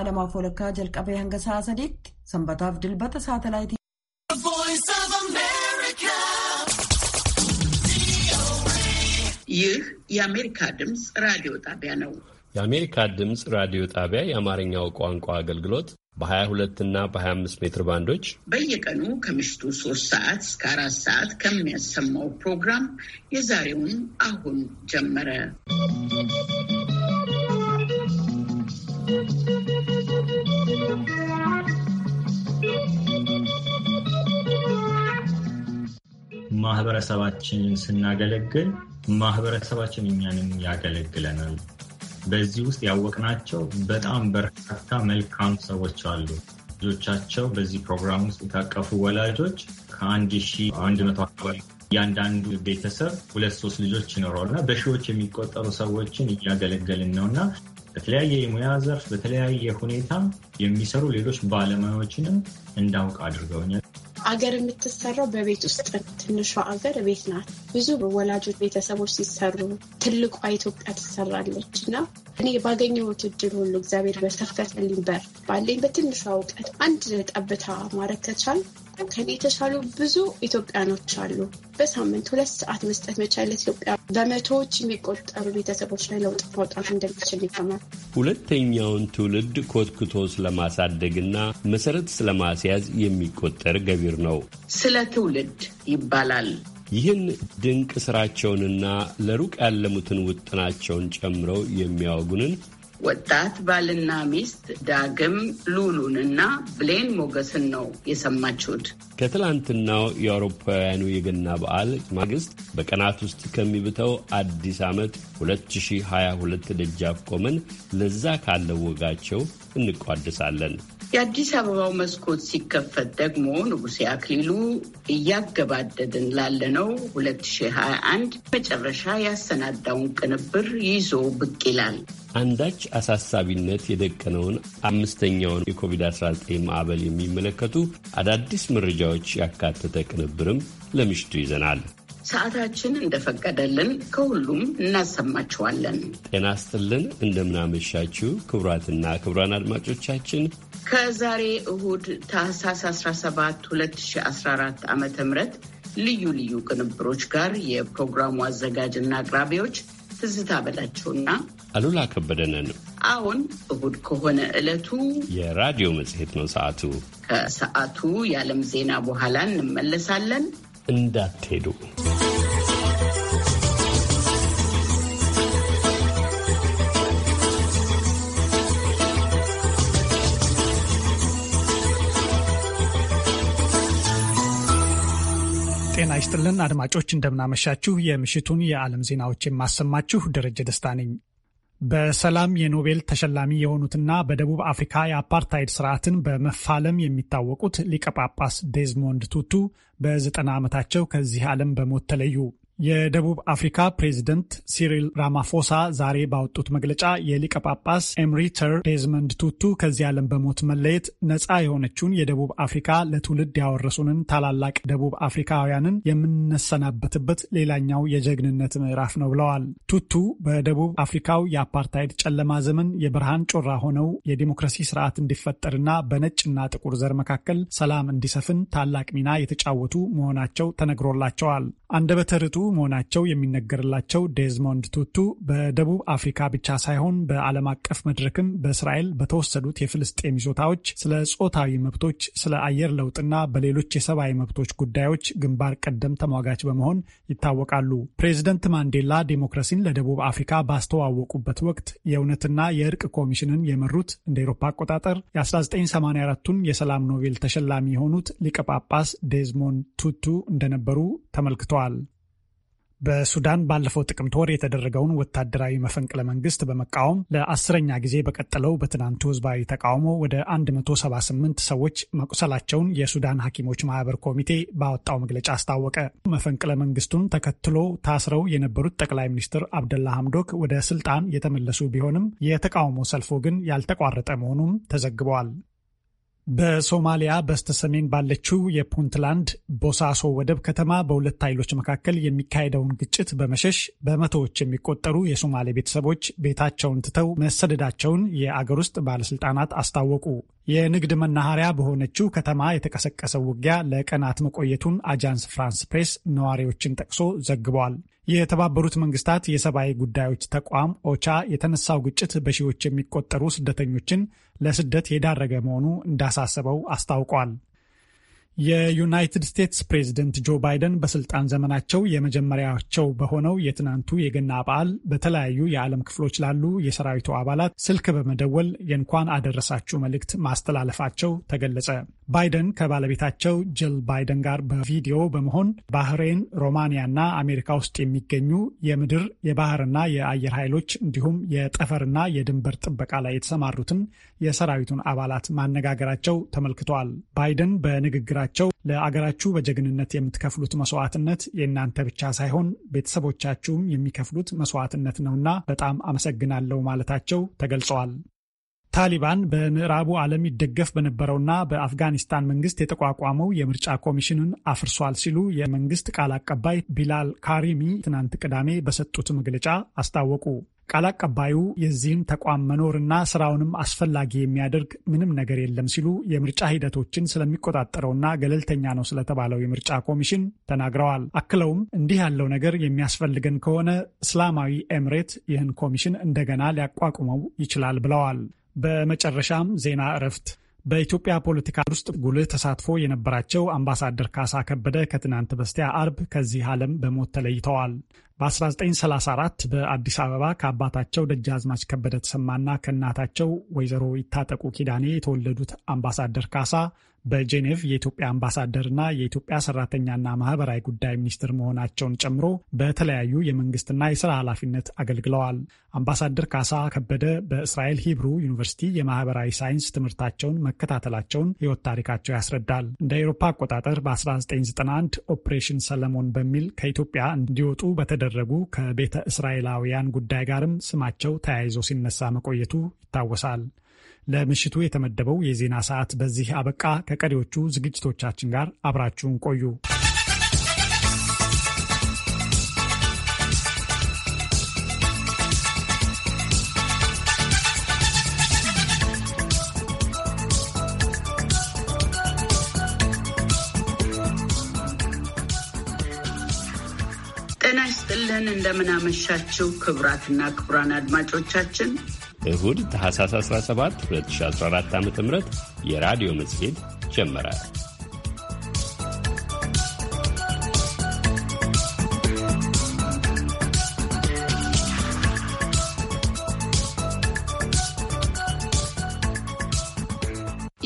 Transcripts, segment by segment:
Adamaaf walakkaa jalqabee hanga ሰዲቅ ሰንበታፍ ድልበተ dilbata saatalaayitii. ይህ የአሜሪካ ድምፅ ራዲዮ ጣቢያ ነው። የአሜሪካ ድምፅ ራዲዮ ጣቢያ የአማርኛው ቋንቋ አገልግሎት በ22 እና በ25 ሜትር ባንዶች በየቀኑ ከምሽቱ 3 ሰዓት እስከ 4 ሰዓት ከሚያሰማው ፕሮግራም የዛሬውን አሁን ጀመረ። ማህበረሰባችንን ስናገለግል ማህበረሰባችን እኛንም ያገለግለናል። በዚህ ውስጥ ያወቅናቸው በጣም በርካታ መልካም ሰዎች አሉ። ልጆቻቸው በዚህ ፕሮግራም ውስጥ የታቀፉ ወላጆች ከአንድ ሺ አንድ መቶ አካባቢ እያንዳንዱ ቤተሰብ ሁለት ሶስት ልጆች ይኖረዋል እና በሺዎች የሚቆጠሩ ሰዎችን እያገለገልን ነው እና በተለያየ የሙያ ዘርፍ በተለያየ ሁኔታ የሚሰሩ ሌሎች ባለሙያዎችንም እንዳውቅ አድርገውኛል። አገር የምትሰራው በቤት ውስጥ ትንሿ አገር ቤት ናት። ብዙ ወላጆች ቤተሰቦች ሲሰሩ ትልቋ ኢትዮጵያ ትሰራለች እና እኔ ባገኘሁት እድል ሁሉ እግዚአብሔር በከፈተልኝ በር ባለኝ በትንሿ እውቀት አንድ ጠብታ ማድረግ ከቻል ከኔ የተሻሉ ብዙ ኢትዮጵያኖች አሉ። በሳምንት ሁለት ሰዓት መስጠት መቻለ ኢትዮጵያ በመቶዎች የሚቆጠሩ ቤተሰቦች ላይ ለውጥ ማውጣት እንደሚችል ይገማል። ሁለተኛውን ትውልድ ኮትኩቶ ስለማሳደግና መሰረት ስለማስያዝ የሚቆጠር ገቢር ነው። ስለ ትውልድ ይባላል። ይህን ድንቅ ስራቸውንና ለሩቅ ያለሙትን ውጥናቸውን ጨምረው የሚያወጉንን ወጣት ባልና ሚስት ዳግም ሉሉንና ብሌን ሞገስን ነው የሰማችሁት። ከትላንትናው የአውሮፓውያኑ የገና በዓል ማግስት በቀናት ውስጥ ከሚብተው አዲስ ዓመት 2022 ደጃፍ ቆመን ለዛ ካለው ወጋቸው እንቋደሳለን። የአዲስ አበባው መስኮት ሲከፈት ደግሞ ንጉሴ አክሊሉ እያገባደድን ላለነው 2021 መጨረሻ ያሰናዳውን ቅንብር ይዞ ብቅ ይላል። አንዳች አሳሳቢነት የደቀነውን አምስተኛውን የኮቪድ-19 ማዕበል የሚመለከቱ አዳዲስ መረጃዎች ያካተተ ቅንብርም ለምሽቱ ይዘናል። ሰዓታችን እንደፈቀደልን ከሁሉም እናሰማችኋለን። ጤና ይስጥልን፣ እንደምናመሻችሁ ክቡራትና ክቡራን አድማጮቻችን ከዛሬ እሁድ ታህሳስ 17 2014 ዓ ም ልዩ ልዩ ቅንብሮች ጋር የፕሮግራሙ አዘጋጅና አቅራቢዎች ትዝታ በላቸውና አሉላ ከበደነን። አሁን እሁድ ከሆነ ዕለቱ የራዲዮ መጽሔት ነው። ሰዓቱ ከሰዓቱ የዓለም ዜና በኋላ እንመለሳለን። እንዳትሄዱ ጤና ይስጥልን አድማጮች፣ እንደምናመሻችሁ። የምሽቱን የዓለም ዜናዎች የማሰማችሁ ደረጀ ደስታ ነኝ። በሰላም የኖቤል ተሸላሚ የሆኑትና በደቡብ አፍሪካ የአፓርታይድ ስርዓትን በመፋለም የሚታወቁት ሊቀ ጳጳስ ዴዝሞንድ ቱቱ በዘጠና ዓመታቸው ከዚህ ዓለም በሞት ተለዩ። የደቡብ አፍሪካ ፕሬዚደንት ሲሪል ራማፎሳ ዛሬ ባወጡት መግለጫ የሊቀ ጳጳስ ኤምሪተር ዴዝመንድ ቱቱ ከዚህ ዓለም በሞት መለየት ነፃ የሆነችውን የደቡብ አፍሪካ ለትውልድ ያወረሱንን ታላላቅ ደቡብ አፍሪካውያንን የምንሰናበትበት ሌላኛው የጀግንነት ምዕራፍ ነው ብለዋል። ቱቱ በደቡብ አፍሪካው የአፓርታይድ ጨለማ ዘመን የብርሃን ጮራ ሆነው የዲሞክራሲ ስርዓት እንዲፈጠርና በነጭና ጥቁር ዘር መካከል ሰላም እንዲሰፍን ታላቅ ሚና የተጫወቱ መሆናቸው ተነግሮላቸዋል። አንደበተ ርቱዕ መሆናቸው የሚነገርላቸው ዴዝሞንድ ቱቱ በደቡብ አፍሪካ ብቻ ሳይሆን በዓለም አቀፍ መድረክም በእስራኤል በተወሰዱት የፍልስጤም ይዞታዎች፣ ስለ ጾታዊ መብቶች፣ ስለ አየር ለውጥና በሌሎች የሰብአዊ መብቶች ጉዳዮች ግንባር ቀደም ተሟጋች በመሆን ይታወቃሉ። ፕሬዚደንት ማንዴላ ዴሞክራሲን ለደቡብ አፍሪካ ባስተዋወቁበት ወቅት የእውነትና የእርቅ ኮሚሽንን የመሩት እንደ ኤሮፓ አቆጣጠር የ1984ቱን የሰላም ኖቤል ተሸላሚ የሆኑት ሊቀ ጳጳስ ዴዝሞንድ ቱቱ እንደነበሩ ተመልክተዋል። በሱዳን ባለፈው ጥቅምት ወር የተደረገውን ወታደራዊ መፈንቅለ መንግስት በመቃወም ለአስረኛ ጊዜ በቀጠለው በትናንቱ ህዝባዊ ተቃውሞ ወደ 178 ሰዎች መቁሰላቸውን የሱዳን ሐኪሞች ማህበር ኮሚቴ ባወጣው መግለጫ አስታወቀ። መፈንቅለ መንግስቱን ተከትሎ ታስረው የነበሩት ጠቅላይ ሚኒስትር አብደላ ሐምዶክ ወደ ስልጣን የተመለሱ ቢሆንም የተቃውሞ ሰልፎ ግን ያልተቋረጠ መሆኑም ተዘግበዋል። በሶማሊያ በስተሰሜን ባለችው የፑንትላንድ ቦሳሶ ወደብ ከተማ በሁለት ኃይሎች መካከል የሚካሄደውን ግጭት በመሸሽ በመቶዎች የሚቆጠሩ የሶማሌ ቤተሰቦች ቤታቸውን ትተው መሰደዳቸውን የአገር ውስጥ ባለስልጣናት አስታወቁ። የንግድ መናኸሪያ በሆነችው ከተማ የተቀሰቀሰው ውጊያ ለቀናት መቆየቱን አጃንስ ፍራንስ ፕሬስ ነዋሪዎችን ጠቅሶ ዘግቧል። የተባበሩት መንግስታት የሰብአዊ ጉዳዮች ተቋም ኦቻ የተነሳው ግጭት በሺዎች የሚቆጠሩ ስደተኞችን ለስደት የዳረገ መሆኑ እንዳሳሰበው አስታውቋል። የዩናይትድ ስቴትስ ፕሬዝደንት ጆ ባይደን በስልጣን ዘመናቸው የመጀመሪያቸው በሆነው የትናንቱ የገና በዓል በተለያዩ የዓለም ክፍሎች ላሉ የሰራዊቱ አባላት ስልክ በመደወል የእንኳን አደረሳችሁ መልእክት ማስተላለፋቸው ተገለጸ። ባይደን ከባለቤታቸው ጅል ባይደን ጋር በቪዲዮ በመሆን ባህሬን፣ ሮማኒያና አሜሪካ ውስጥ የሚገኙ የምድር የባህርና የአየር ኃይሎች እንዲሁም የጠፈርና የድንበር ጥበቃ ላይ የተሰማሩትን የሰራዊቱን አባላት ማነጋገራቸው ተመልክተዋል። ባይደን በንግግራቸው ለአገራችሁ በጀግንነት የምትከፍሉት መስዋዕትነት የእናንተ ብቻ ሳይሆን ቤተሰቦቻችሁም የሚከፍሉት መስዋዕትነት ነውና በጣም አመሰግናለሁ ማለታቸው ተገልጸዋል። ታሊባን በምዕራቡ ዓለም ይደገፍ በነበረውና በአፍጋኒስታን መንግስት የተቋቋመው የምርጫ ኮሚሽንን አፍርሷል ሲሉ የመንግስት ቃል አቀባይ ቢላል ካሪሚ ትናንት ቅዳሜ በሰጡት መግለጫ አስታወቁ። ቃል አቀባዩ የዚህን ተቋም መኖርና ስራውንም አስፈላጊ የሚያደርግ ምንም ነገር የለም ሲሉ የምርጫ ሂደቶችን ስለሚቆጣጠረውና ገለልተኛ ነው ስለተባለው የምርጫ ኮሚሽን ተናግረዋል። አክለውም እንዲህ ያለው ነገር የሚያስፈልገን ከሆነ እስላማዊ ኤምሬት ይህን ኮሚሽን እንደገና ሊያቋቁመው ይችላል ብለዋል። በመጨረሻም ዜና እረፍት በኢትዮጵያ ፖለቲካ ውስጥ ጉልህ ተሳትፎ የነበራቸው አምባሳደር ካሳ ከበደ ከትናንት በስቲያ አርብ ከዚህ ዓለም በሞት ተለይተዋል። በ1934 በአዲስ አበባ ከአባታቸው ደጃዝማች ከበደ ተሰማና ከእናታቸው ወይዘሮ ይታጠቁ ኪዳኔ የተወለዱት አምባሳደር ካሳ በጄኔቭ የኢትዮጵያ አምባሳደርና የኢትዮጵያ ሰራተኛና ማህበራዊ ጉዳይ ሚኒስትር መሆናቸውን ጨምሮ በተለያዩ የመንግስትና የስራ ኃላፊነት አገልግለዋል። አምባሳደር ካሳ ከበደ በእስራኤል ሂብሩ ዩኒቨርሲቲ የማህበራዊ ሳይንስ ትምህርታቸውን መከታተላቸውን ህይወት ታሪካቸው ያስረዳል። እንደ ኤሮፓ አቆጣጠር በ1991 ኦፕሬሽን ሰለሞን በሚል ከኢትዮጵያ እንዲወጡ በተደረጉ ከቤተ እስራኤላውያን ጉዳይ ጋርም ስማቸው ተያይዞ ሲነሳ መቆየቱ ይታወሳል። ለምሽቱ የተመደበው የዜና ሰዓት በዚህ አበቃ። ከቀሪዎቹ ዝግጅቶቻችን ጋር አብራችሁን ቆዩ። ጤና ይስጥልን። እንደምናመሻችው ክቡራትና ክቡራን አድማጮቻችን እሁድ ታህሳስ 17 2014 ዓ ም የራዲዮ መጽሔት ጀመረ።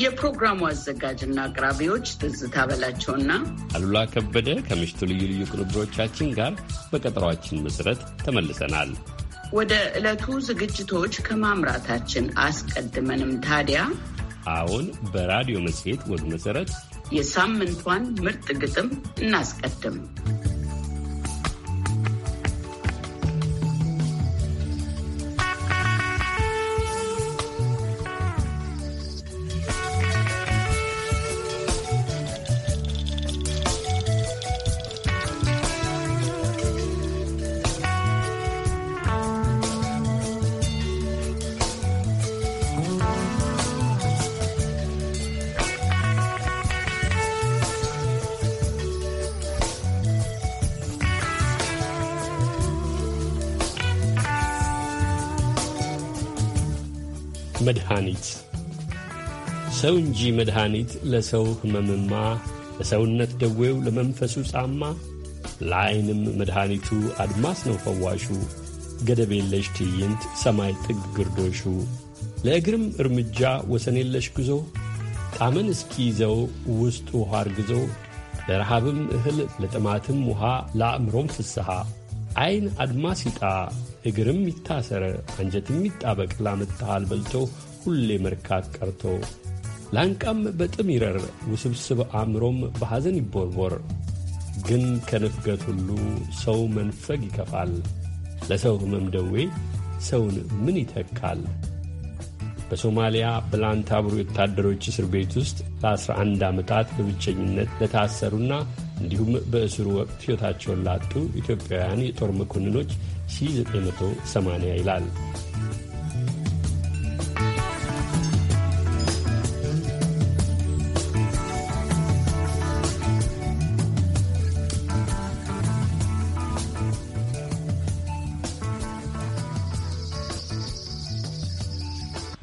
የፕሮግራሙ አዘጋጅና አቅራቢዎች ትዝታ በላቸውና አሉላ ከበደ ከምሽቱ ልዩ ልዩ ቅንብሮቻችን ጋር በቀጠሯችን መሠረት ተመልሰናል። ወደ ዕለቱ ዝግጅቶች ከማምራታችን አስቀድመንም ታዲያ አሁን በራዲዮ መጽሔት ወግ መሠረት የሳምንቷን ምርጥ ግጥም እናስቀድም። ለሰው እንጂ መድኃኒት ለሰው ሕመምማ ለሰውነት ደዌው ለመንፈሱ ጻማ ለዐይንም መድኃኒቱ አድማስ ነው ፈዋሹ ገደብ የለሽ ትዕይንት ሰማይ ጥግ ግርዶሹ ለእግርም እርምጃ ወሰን የለሽ ጉዞ ጣምን እስኪ ይዘው ውስጥ ውሃ አርግዞ ለረሃብም እህል ለጥማትም ውሃ ለአእምሮም ፍስሐ ዐይን አድማስ ይጣ እግርም ይታሰረ አንጀትም ይጣበቅ ላመታሃል በልቶ ሁሌ መርካት ቀርቶ ላንቃም በጥም ይረር፣ ውስብስብ አእምሮም በሐዘን ይቦርቦር። ግን ከንፍገት ሁሉ ሰው መንፈግ ይከፋል። ለሰው ሕመም ደዌ ሰውን ምን ይተካል? በሶማሊያ በላንታቡር ወታደሮች እስር ቤት ውስጥ ለ11 ዓመታት በብቸኝነት ለታሰሩና እንዲሁም በእስሩ ወቅት ሕይወታቸውን ላጡ ኢትዮጵያውያን የጦር መኮንኖች 1980 ይላል።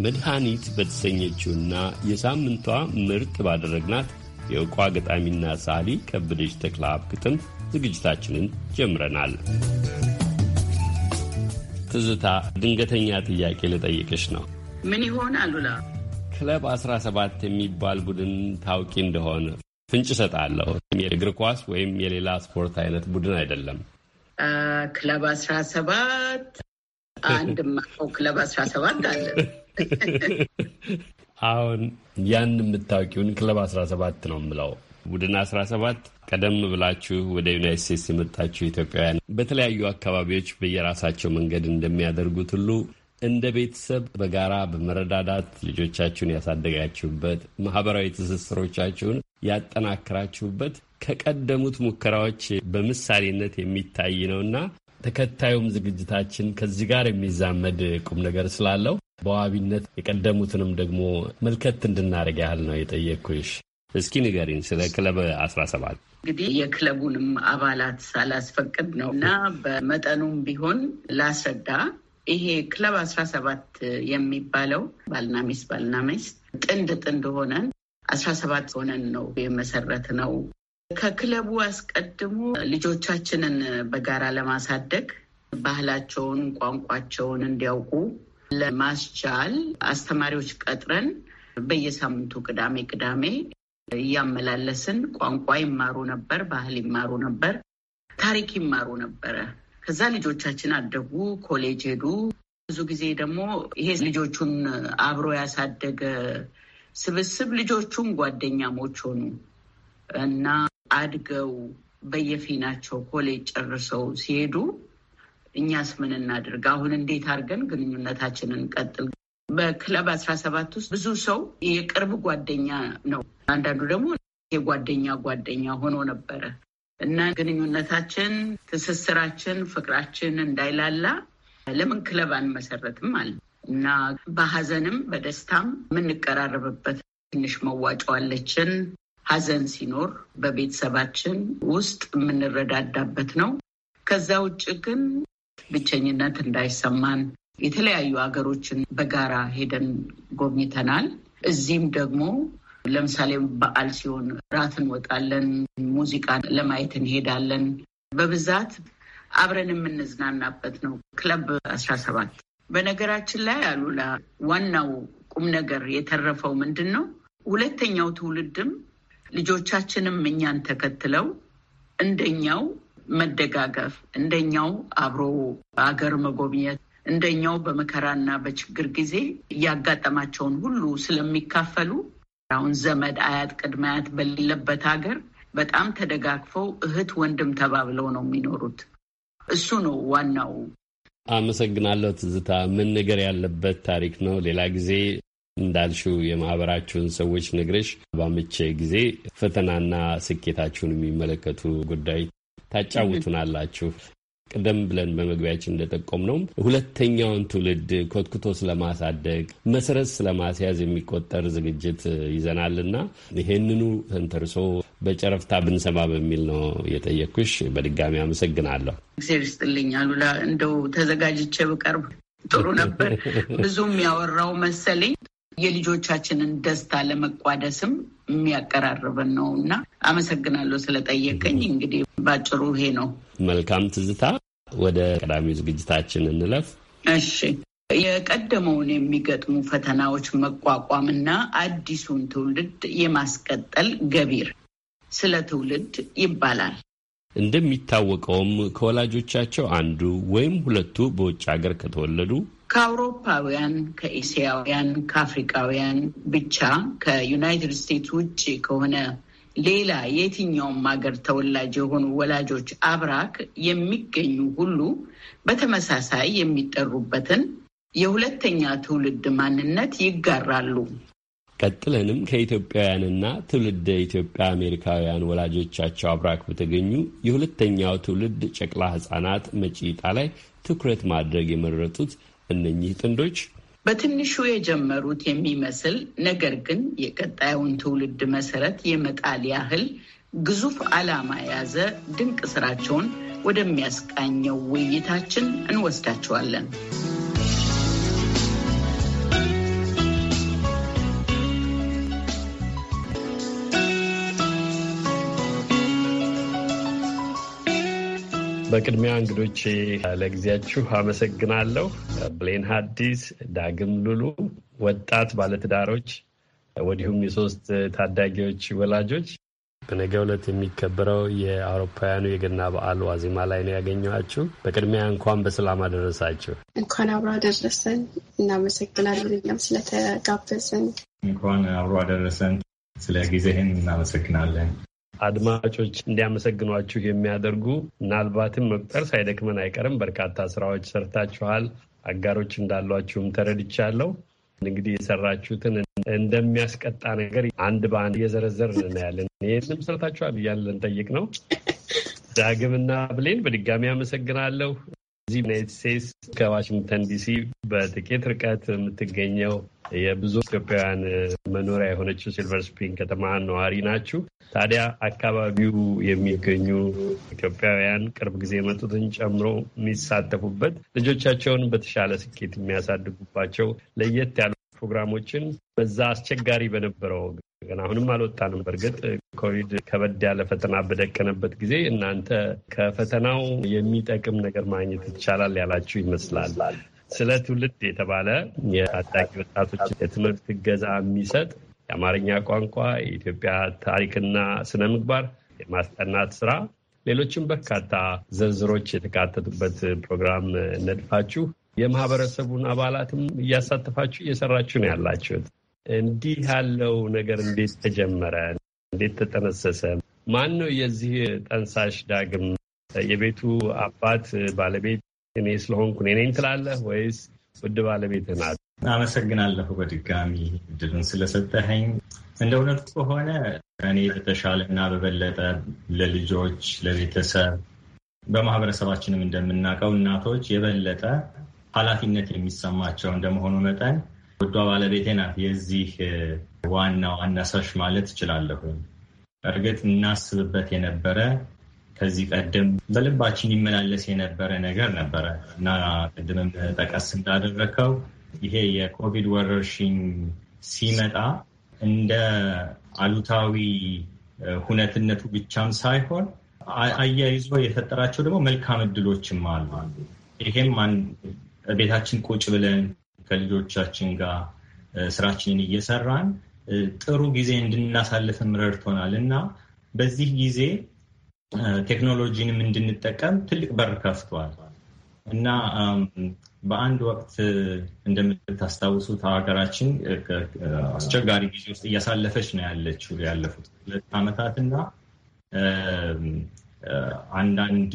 መድኃኒት በተሰኘችውና የሳምንቷ ምርጥ ባደረግናት የእውቋ ገጣሚና ሳሊ ከበደች ተክለአብ ግጥም ዝግጅታችንን ጀምረናል። ትዝታ፣ ድንገተኛ ጥያቄ ልጠይቅሽ ነው። ምን ይሆን አሉላ? ክለብ 17 የሚባል ቡድን ታውቂ እንደሆነ ፍንጭ እሰጣለሁ። የእግር ኳስ ወይም የሌላ ስፖርት አይነት ቡድን አይደለም። ክለብ 17 አንድ አንድ ክለብ 17 አለን አሁን ያን የምታውቂውን ክለብ 17 ነው የምለው ቡድን 17 ቀደም ብላችሁ ወደ ዩናይት ስቴትስ የመጣችሁ ኢትዮጵያውያን በተለያዩ አካባቢዎች በየራሳቸው መንገድ እንደሚያደርጉት ሁሉ እንደ ቤተሰብ በጋራ በመረዳዳት ልጆቻችሁን ያሳደጋችሁበት ማህበራዊ ትስስሮቻችሁን ያጠናክራችሁበት ከቀደሙት ሙከራዎች በምሳሌነት የሚታይ ነውና ተከታዩም ዝግጅታችን ከዚህ ጋር የሚዛመድ ቁም ነገር ስላለው በዋቢነት የቀደሙትንም ደግሞ መልከት እንድናደርግ ያህል ነው የጠየቅኩሽ። እስኪ ንገሪን ስለ ክለብ አስራ ሰባት እንግዲህ የክለቡንም አባላት ሳላስፈቅድ ነው እና በመጠኑም ቢሆን ላስረዳ። ይሄ ክለብ አስራ ሰባት የሚባለው ባልና ሚስት ባልና ሚስት ጥንድ ጥንድ ሆነን አስራ ሰባት ሆነን ነው የመሰረት ነው። ከክለቡ አስቀድሞ ልጆቻችንን በጋራ ለማሳደግ ባህላቸውን፣ ቋንቋቸውን እንዲያውቁ ለማስቻል አስተማሪዎች ቀጥረን በየሳምንቱ ቅዳሜ ቅዳሜ እያመላለስን ቋንቋ ይማሩ ነበር፣ ባህል ይማሩ ነበር፣ ታሪክ ይማሩ ነበረ። ከዛ ልጆቻችን አደጉ፣ ኮሌጅ ሄዱ። ብዙ ጊዜ ደግሞ ይሄ ልጆቹን አብሮ ያሳደገ ስብስብ ልጆቹን ጓደኛሞች ሆኑ እና አድገው በየፊናቸው ኮሌጅ ጨርሰው ሲሄዱ እኛስ ምን እናድርግ? አሁን እንዴት አድርገን ግንኙነታችንን ቀጥል? በክለብ አስራ ሰባት ውስጥ ብዙ ሰው የቅርብ ጓደኛ ነው። አንዳንዱ ደግሞ የጓደኛ ጓደኛ ሆኖ ነበረ እና ግንኙነታችን፣ ትስስራችን፣ ፍቅራችን እንዳይላላ ለምን ክለብ አንመሰረትም አለ እና በሀዘንም በደስታም የምንቀራረብበት ትንሽ መዋጮ አለችን። ሀዘን ሲኖር በቤተሰባችን ውስጥ የምንረዳዳበት ነው። ከዛ ውጭ ግን ብቸኝነት እንዳይሰማን የተለያዩ ሀገሮችን በጋራ ሄደን ጎብኝተናል። እዚህም ደግሞ ለምሳሌ በዓል ሲሆን ራት እንወጣለን፣ ሙዚቃ ለማየት እንሄዳለን። በብዛት አብረን የምንዝናናበት ነው ክለብ አስራ ሰባት በነገራችን ላይ አሉላ ዋናው ቁም ነገር የተረፈው ምንድን ነው? ሁለተኛው ትውልድም ልጆቻችንም እኛን ተከትለው እንደኛው መደጋገፍ፣ እንደኛው አብሮ አገር መጎብኘት፣ እንደኛው በመከራና በችግር ጊዜ እያጋጠማቸውን ሁሉ ስለሚካፈሉ አሁን ዘመድ አያት ቅድመ አያት በሌለበት ሀገር በጣም ተደጋግፈው እህት ወንድም ተባብለው ነው የሚኖሩት። እሱ ነው ዋናው። አመሰግናለሁ ትዝታ። ነገር ያለበት ታሪክ ነው። ሌላ ጊዜ እንዳልሽው የማህበራችሁን ሰዎች ነግረሽ በአመቼ ጊዜ ፈተናና ስኬታችሁን የሚመለከቱ ጉዳይ ታጫውቱናላችሁ። ቀደም ብለን በመግቢያችን እንደጠቆም ነው ሁለተኛውን ትውልድ ኮትኩቶ ስለማሳደግ መሰረት ስለማስያዝ የሚቆጠር ዝግጅት ይዘናልና ይህንኑ ተንተርሶ በጨረፍታ ብንሰማ በሚል ነው የጠየኩሽ። በድጋሚ አመሰግናለሁ። እግዜር ይስጥልኝ አሉላ። እንደው ተዘጋጅቼ ብቀርብ ጥሩ ነበር። ብዙም ያወራው መሰለኝ። የልጆቻችንን ደስታ ለመቋደስም የሚያቀራርበን ነው እና አመሰግናለሁ ስለጠየቀኝ። እንግዲህ ባጭሩ ይሄ ነው። መልካም ትዝታ፣ ወደ ቀዳሚው ዝግጅታችን እንለፍ። እሺ የቀደመውን የሚገጥሙ ፈተናዎች መቋቋምና አዲሱን ትውልድ የማስቀጠል ገቢር ስለ ትውልድ ይባላል። እንደሚታወቀውም ከወላጆቻቸው አንዱ ወይም ሁለቱ በውጭ ሀገር ከተወለዱ ከአውሮፓውያን፣ ከኤስያውያን፣ ከአፍሪካውያን ብቻ ከዩናይትድ ስቴትስ ውጭ ከሆነ ሌላ የትኛውም ሀገር ተወላጅ የሆኑ ወላጆች አብራክ የሚገኙ ሁሉ በተመሳሳይ የሚጠሩበትን የሁለተኛ ትውልድ ማንነት ይጋራሉ። ቀጥለንም ከኢትዮጵያውያንና ትውልደ ኢትዮጵያ አሜሪካውያን ወላጆቻቸው አብራክ በተገኙ የሁለተኛው ትውልድ ጨቅላ ሕጻናት መጪ ዕጣ ላይ ትኩረት ማድረግ የመረጡት እነኚህ ጥንዶች በትንሹ የጀመሩት የሚመስል ነገር ግን የቀጣዩን ትውልድ መሰረት የመጣል ያህል ግዙፍ ዓላማ የያዘ ድንቅ ስራቸውን ወደሚያስቃኘው ውይይታችን እንወስዳቸዋለን። በቅድሚያ እንግዶቼ ለጊዜያችሁ አመሰግናለሁ። ብሌን ሀዲስ፣ ዳግም ሉሉ፣ ወጣት ባለትዳሮች ወዲሁም የሶስት ታዳጊዎች ወላጆች በነገ ዕለት የሚከበረው የአውሮፓውያኑ የገና በዓል ዋዜማ ላይ ነው ያገኘኋችሁ። በቅድሚያ እንኳን በሰላም አደረሳችሁ። እንኳን አብሮ አደረሰን። እናመሰግናለን እኛም ስለተጋበዘን። እንኳን አብሮ አደረሰን። ስለ ጊዜህን እናመሰግናለን። አድማጮች እንዲያመሰግኗችሁ የሚያደርጉ ምናልባትም መቁጠር ሳይደክመን አይቀርም። በርካታ ስራዎች ሰርታችኋል። አጋሮች እንዳሏችሁም ተረድቻለሁ። እንግዲህ የሰራችሁትን እንደሚያስቀጣ ነገር አንድ በአንድ እየዘረዘር እናያለን። ይህንም ሰርታችኋል እያለን ልንጠይቅ ነው። ዳግምና ብሌን በድጋሚ አመሰግናለሁ። እዚህ ዩናይትድ ስቴትስ ከዋሽንግተን ዲሲ በጥቂት ርቀት የምትገኘው የብዙ ኢትዮጵያውያን መኖሪያ የሆነችው ሲልቨር ስፕሪንግ ከተማ ነዋሪ ናችሁ። ታዲያ አካባቢው የሚገኙ ኢትዮጵያውያን ቅርብ ጊዜ የመጡትን ጨምሮ የሚሳተፉበት ልጆቻቸውን በተሻለ ስኬት የሚያሳድጉባቸው ለየት ያሉ ፕሮግራሞችን በዛ አስቸጋሪ በነበረው ግን አሁንም አልወጣንም። በእርግጥ ኮቪድ ከበድ ያለ ፈተና በደቀነበት ጊዜ እናንተ ከፈተናው የሚጠቅም ነገር ማግኘት ይቻላል ያላችሁ ይመስላል። ስለ ትውልድ የተባለ የታዳጊ ወጣቶች የትምህርት እገዛ የሚሰጥ የአማርኛ ቋንቋ የኢትዮጵያ ታሪክና ስነ ምግባር የማስጠናት ስራ ሌሎችም በርካታ ዝርዝሮች የተካተቱበት ፕሮግራም ነድፋችሁ የማህበረሰቡን አባላትም እያሳተፋችሁ እየሰራችሁ ነው ያላችሁት። እንዲህ ያለው ነገር እንዴት ተጀመረ? እንዴት ተጠነሰሰ? ማን ነው የዚህ ጠንሳሽ? ዳግም የቤቱ አባት ባለቤት እኔ ስለሆንኩ እኔ ነኝ ትላለህ ወይስ ውድ ባለቤትህ ናት? አመሰግናለሁ በድጋሚ እድሉን ስለሰጠኸኝ። እንደ እውነቱ ከሆነ እኔ በተሻለ እና በበለጠ ለልጆች ለቤተሰብ በማህበረሰባችንም እንደምናውቀው እናቶች የበለጠ ኃላፊነት የሚሰማቸው እንደመሆኑ መጠን ውዷ ባለቤቴ ናት የዚህ ዋናው አነሳሽ ማለት እችላለሁ። እርግጥ እናስብበት የነበረ ከዚህ ቀደም በልባችን ይመላለስ የነበረ ነገር ነበረ እና ቅድምም ጠቀስ እንዳደረከው ይሄ የኮቪድ ወረርሽኝ ሲመጣ እንደ አሉታዊ ሁነትነቱ ብቻም ሳይሆን አያይዞ የፈጠራቸው ደግሞ መልካም እድሎችም አሉ። ይሄም ቤታችን ቁጭ ብለን ከልጆቻችን ጋር ስራችንን እየሰራን ጥሩ ጊዜ እንድናሳልፍም ረድቶናል እና በዚህ ጊዜ ቴክኖሎጂንም እንድንጠቀም ትልቅ በር ከፍቷል እና በአንድ ወቅት እንደምታስታውሱት ሀገራችን አስቸጋሪ ጊዜ ውስጥ እያሳለፈች ነው ያለችው ያለፉት ሁለት ዓመታት እና አንዳንድ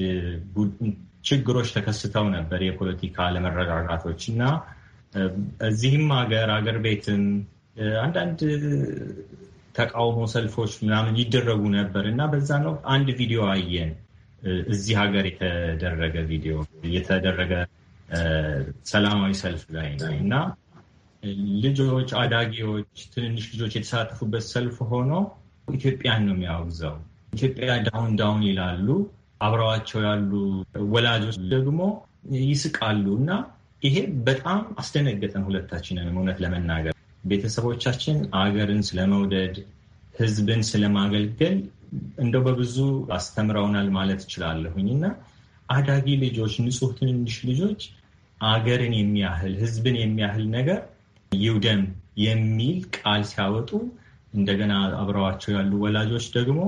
ችግሮች ተከስተው ነበር፣ የፖለቲካ አለመረጋጋቶች እና እዚህም ሀገር አገር ቤትም አንዳንድ ተቃውሞ ሰልፎች ምናምን ይደረጉ ነበር እና በዛ ነው አንድ ቪዲዮ አየን። እዚህ ሀገር የተደረገ ቪዲዮ የተደረገ ሰላማዊ ሰልፍ ላይ ነው እና ልጆች፣ አዳጊዎች፣ ትንንሽ ልጆች የተሳተፉበት ሰልፍ ሆኖ ኢትዮጵያን ነው የሚያወግዘው። ኢትዮጵያ ዳውን ዳውን ይላሉ። አብረዋቸው ያሉ ወላጆች ደግሞ ይስቃሉ እና ይሄ በጣም አስደነገጠን ሁለታችንን እውነት ለመናገር ቤተሰቦቻችን አገርን ስለመውደድ፣ ህዝብን ስለማገልገል እንደው በብዙ አስተምረውናል ማለት እችላለሁኝ እና አዳጊ ልጆች፣ ንጹህ ትንንሽ ልጆች አገርን የሚያህል ህዝብን የሚያህል ነገር ይውደም የሚል ቃል ሲያወጡ እንደገና አብረዋቸው ያሉ ወላጆች ደግሞ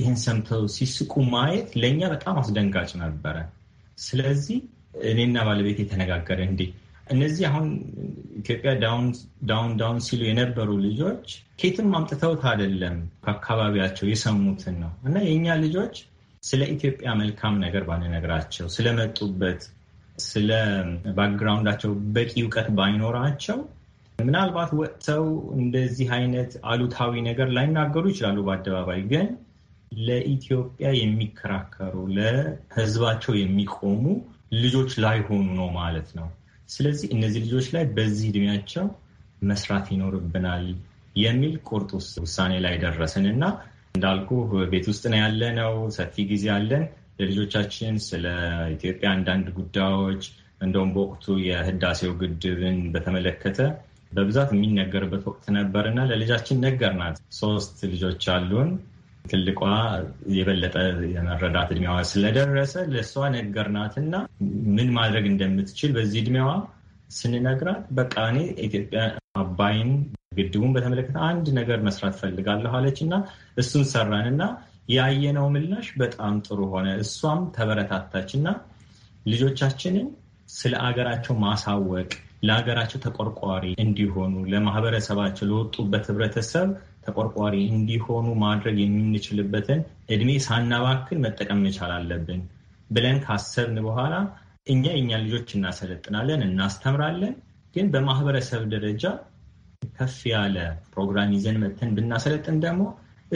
ይህን ሰምተው ሲስቁ ማየት ለእኛ በጣም አስደንጋጭ ነበረ። ስለዚህ እኔና ባለቤት የተነጋገረ እንዴ እነዚህ አሁን ኢትዮጵያ ዳውን ዳውን ሲሉ የነበሩ ልጆች ኬትም አምጥተውት አይደለም፣ ከአካባቢያቸው የሰሙትን ነው እና የእኛ ልጆች ስለ ኢትዮጵያ መልካም ነገር ባንነግራቸው፣ ስለመጡበት ስለ ባክግራውንዳቸው በቂ እውቀት ባይኖራቸው ምናልባት ወጥተው እንደዚህ አይነት አሉታዊ ነገር ላይናገሩ ይችላሉ። በአደባባይ ግን ለኢትዮጵያ የሚከራከሩ ለህዝባቸው የሚቆሙ ልጆች ላይሆኑ ነው ማለት ነው። ስለዚህ እነዚህ ልጆች ላይ በዚህ እድሜያቸው መስራት ይኖርብናል የሚል ቁርጥ ውሳኔ ላይ ደረስን እና እንዳልኩ ቤት ውስጥ ነው ነው ሰፊ ጊዜ አለን። ለልጆቻችን ስለ ኢትዮጵያ አንዳንድ ጉዳዮች እንደውም በወቅቱ የህዳሴው ግድብን በተመለከተ በብዛት የሚነገርበት ወቅት ነበርና ለልጃችን ነገርናት። ሶስት ልጆች አሉን። ትልቋ የበለጠ የመረዳት እድሜዋ ስለደረሰ ለእሷ ነገርናትና ምን ማድረግ እንደምትችል በዚህ እድሜዋ ስንነግራት በቃ እኔ ኢትዮጵያ አባይን ግድቡን በተመለከተ አንድ ነገር መስራት ፈልጋለሁ አለች እና እሱን ሰራን እና ያየነው ምላሽ በጣም ጥሩ ሆነ። እሷም ተበረታታች እና ልጆቻችንን ስለ አገራቸው ማሳወቅ ለሀገራቸው ተቆርቋሪ እንዲሆኑ ለማህበረሰባቸው ለወጡበት ህብረተሰብ ተቆርቋሪ እንዲሆኑ ማድረግ የምንችልበትን እድሜ ሳናባክን መጠቀም መቻል አለብን ብለን ካሰብን በኋላ እኛ የኛ ልጆች እናሰለጥናለን፣ እናስተምራለን። ግን በማህበረሰብ ደረጃ ከፍ ያለ ፕሮግራም ይዘን መተን ብናሰለጥን ደግሞ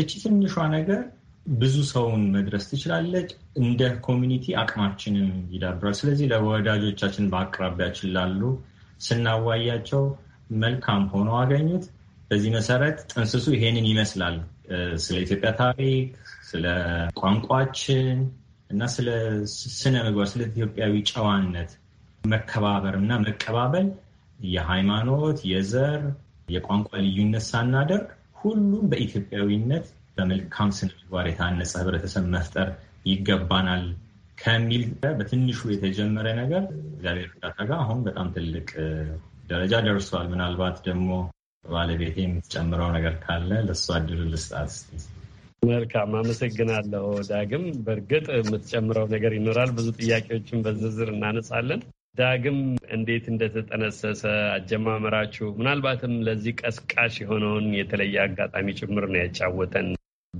እቺ ትንሿ ነገር ብዙ ሰውን መድረስ ትችላለች። እንደ ኮሚኒቲ አቅማችንም ይዳብራል። ስለዚህ ለወዳጆቻችን በአቅራቢያችን ላሉ ስናዋያቸው መልካም ሆነው አገኙት። በዚህ መሰረት ጥንስሱ ይሄንን ይመስላል። ስለ ኢትዮጵያ ታሪክ፣ ስለ ቋንቋችን እና ስለ ስነ ምግባር፣ ስለ ኢትዮጵያዊ ጨዋነት፣ መከባበር እና መቀባበል የሃይማኖት፣ የዘር፣ የቋንቋ ልዩነት ሳናደርግ ሁሉም በኢትዮጵያዊነት በመልካም ስነ ምግባር የታነጸ ህብረተሰብ መፍጠር ይገባናል ከሚል በትንሹ የተጀመረ ነገር እግዚአብሔር እርዳታ ጋር አሁን በጣም ትልቅ ደረጃ ደርሷል። ምናልባት ደግሞ ባለቤቴ የምትጨምረው ነገር ካለ ለእሱ አድል ልስጣት። መልካም አመሰግናለሁ። ዳግም በእርግጥ የምትጨምረው ነገር ይኖራል። ብዙ ጥያቄዎችን በዝርዝር እናነሳለን። ዳግም እንዴት እንደተጠነሰሰ አጀማመራችሁ፣ ምናልባትም ለዚህ ቀስቃሽ የሆነውን የተለየ አጋጣሚ ጭምር ነው ያጫወተን።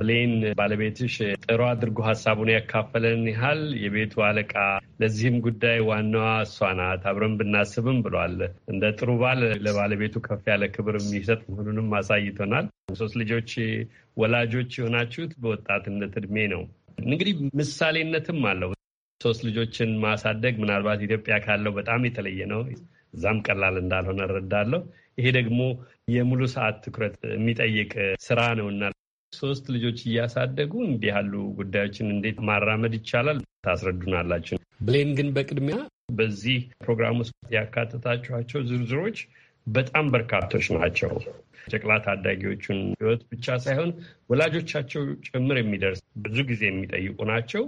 ብሌን ባለቤትሽ ጥሩ አድርጎ ሀሳቡን ያካፈለን ያህል የቤቱ አለቃ ለዚህም ጉዳይ ዋናዋ እሷ ናት፣ አብረን ብናስብም ብሏል። እንደ ጥሩ ባል ለባለቤቱ ከፍ ያለ ክብር የሚሰጥ መሆኑንም አሳይቶናል። ሶስት ልጆች ወላጆች የሆናችሁት በወጣትነት እድሜ ነው። እንግዲህ ምሳሌነትም አለው። ሶስት ልጆችን ማሳደግ ምናልባት ኢትዮጵያ ካለው በጣም የተለየ ነው። እዛም ቀላል እንዳልሆነ እረዳለሁ። ይሄ ደግሞ የሙሉ ሰዓት ትኩረት የሚጠይቅ ስራ ነው እና ሶስት ልጆች እያሳደጉ እንዲህ ያሉ ጉዳዮችን እንዴት ማራመድ ይቻላል ታስረዱናላችሁ። ብሌን ግን በቅድሚያ በዚህ ፕሮግራም ውስጥ ያካተታችኋቸው ዝርዝሮች በጣም በርካቶች ናቸው። ጨቅላ ታዳጊዎቹን ሕይወት ብቻ ሳይሆን ወላጆቻቸው ጭምር የሚደርስ ብዙ ጊዜ የሚጠይቁ ናቸው።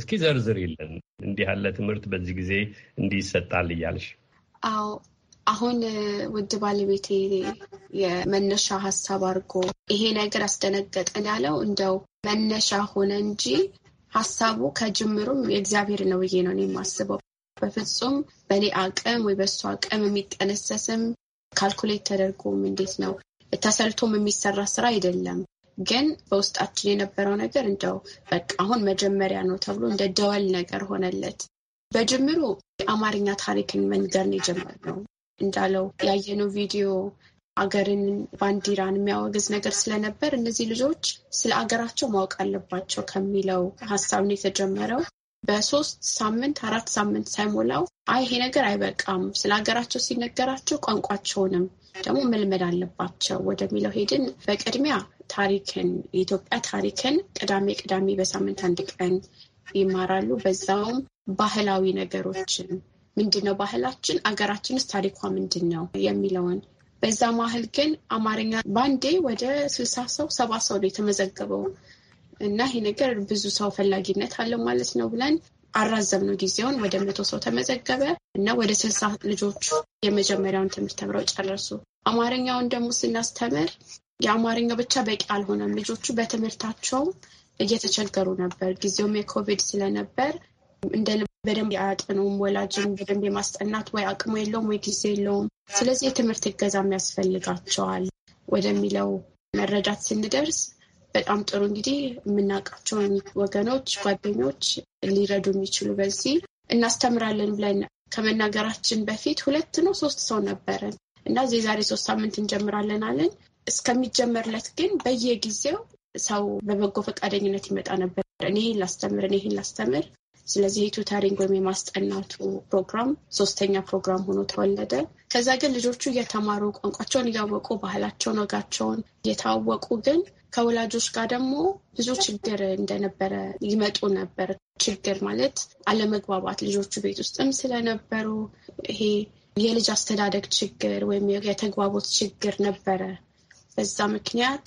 እስኪ ዘርዝር የለን እንዲህ ያለ ትምህርት በዚህ ጊዜ እንዲሰጣል እያልሽ። አዎ አሁን ውድ ባለቤቴ የመነሻ ሀሳብ አድርጎ ይሄ ነገር አስደነገጠን ያለው እንደው መነሻ ሆነ እንጂ ሀሳቡ ከጅምሩም የእግዚአብሔር ነው ብዬ ነው የማስበው። በፍጹም በእኔ አቅም ወይ በእሱ አቅም የሚጠነሰስም ካልኩሌት ተደርጎም እንዴት ነው ተሰልቶም የሚሰራ ስራ አይደለም። ግን በውስጣችን የነበረው ነገር እንደው በቃ አሁን መጀመሪያ ነው ተብሎ እንደ ደወል ነገር ሆነለት። በጅምሩ የአማርኛ ታሪክን መንገር ነው የጀመርነው። እንዳለው ያየነው ቪዲዮ አገርን ባንዲራን የሚያወግዝ ነገር ስለነበር እነዚህ ልጆች ስለ አገራቸው ማወቅ አለባቸው ከሚለው ሀሳብ ነው የተጀመረው። በሶስት ሳምንት አራት ሳምንት ሳይሞላው አይ ይሄ ነገር አይበቃም፣ ስለ ሀገራቸው ሲነገራቸው ቋንቋቸውንም ደግሞ መልመድ አለባቸው ወደሚለው ሄድን። በቅድሚያ ታሪክን የኢትዮጵያ ታሪክን ቅዳሜ ቅዳሜ በሳምንት አንድ ቀን ይማራሉ። በዛውም ባህላዊ ነገሮችን ምንድን ነው ባህላችን፣ አገራችን ውስጥ ታሪኳ ምንድን ነው የሚለውን በዛ ማህል ግን አማርኛ በአንዴ ወደ ስልሳ ሰው ሰባ ሰው ነው የተመዘገበው እና ይሄ ነገር ብዙ ሰው ፈላጊነት አለው ማለት ነው ብለን አራዘም ነው ጊዜውን ወደ መቶ ሰው ተመዘገበ እና ወደ ስልሳ ልጆቹ የመጀመሪያውን ትምህርት ተምረው ጨረሱ። አማርኛውን ደግሞ ስናስተምር የአማርኛው ብቻ በቂ አልሆነም። ልጆቹ በትምህርታቸውም እየተቸገሩ ነበር። ጊዜውም የኮቪድ ስለነበር እንደ በደንብ አያጠነውም። ወላጅን በደንብ የማስጠናት ወይ አቅሙ የለውም ወይ ጊዜ የለውም። ስለዚህ የትምህርት እገዛም ያስፈልጋቸዋል ወደሚለው መረዳት ስንደርስ በጣም ጥሩ እንግዲህ የምናውቃቸውን ወገኖች፣ ጓደኞች ሊረዱ የሚችሉ በዚህ እናስተምራለን ብለን ከመናገራችን በፊት ሁለት ነው ሶስት ሰው ነበረን እና እዚህ ዛሬ ሶስት ሳምንት እንጀምራለን አለን። እስከሚጀመርለት ግን በየጊዜው ሰው በበጎ ፈቃደኝነት ይመጣ ነበር። እኔ ይህን ላስተምር፣ እኔ ይህን ላስተምር ስለዚህ የቱተሪንግ ወይም የማስጠናቱ ፕሮግራም ሶስተኛ ፕሮግራም ሆኖ ተወለደ። ከዛ ግን ልጆቹ እየተማሩ ቋንቋቸውን እያወቁ ባህላቸውን፣ ወጋቸውን እየታወቁ ግን ከወላጆች ጋር ደግሞ ብዙ ችግር እንደነበረ ይመጡ ነበር። ችግር ማለት አለመግባባት፣ ልጆቹ ቤት ውስጥም ስለነበሩ ይሄ የልጅ አስተዳደግ ችግር ወይም የተግባቦት ችግር ነበረ። በዛ ምክንያት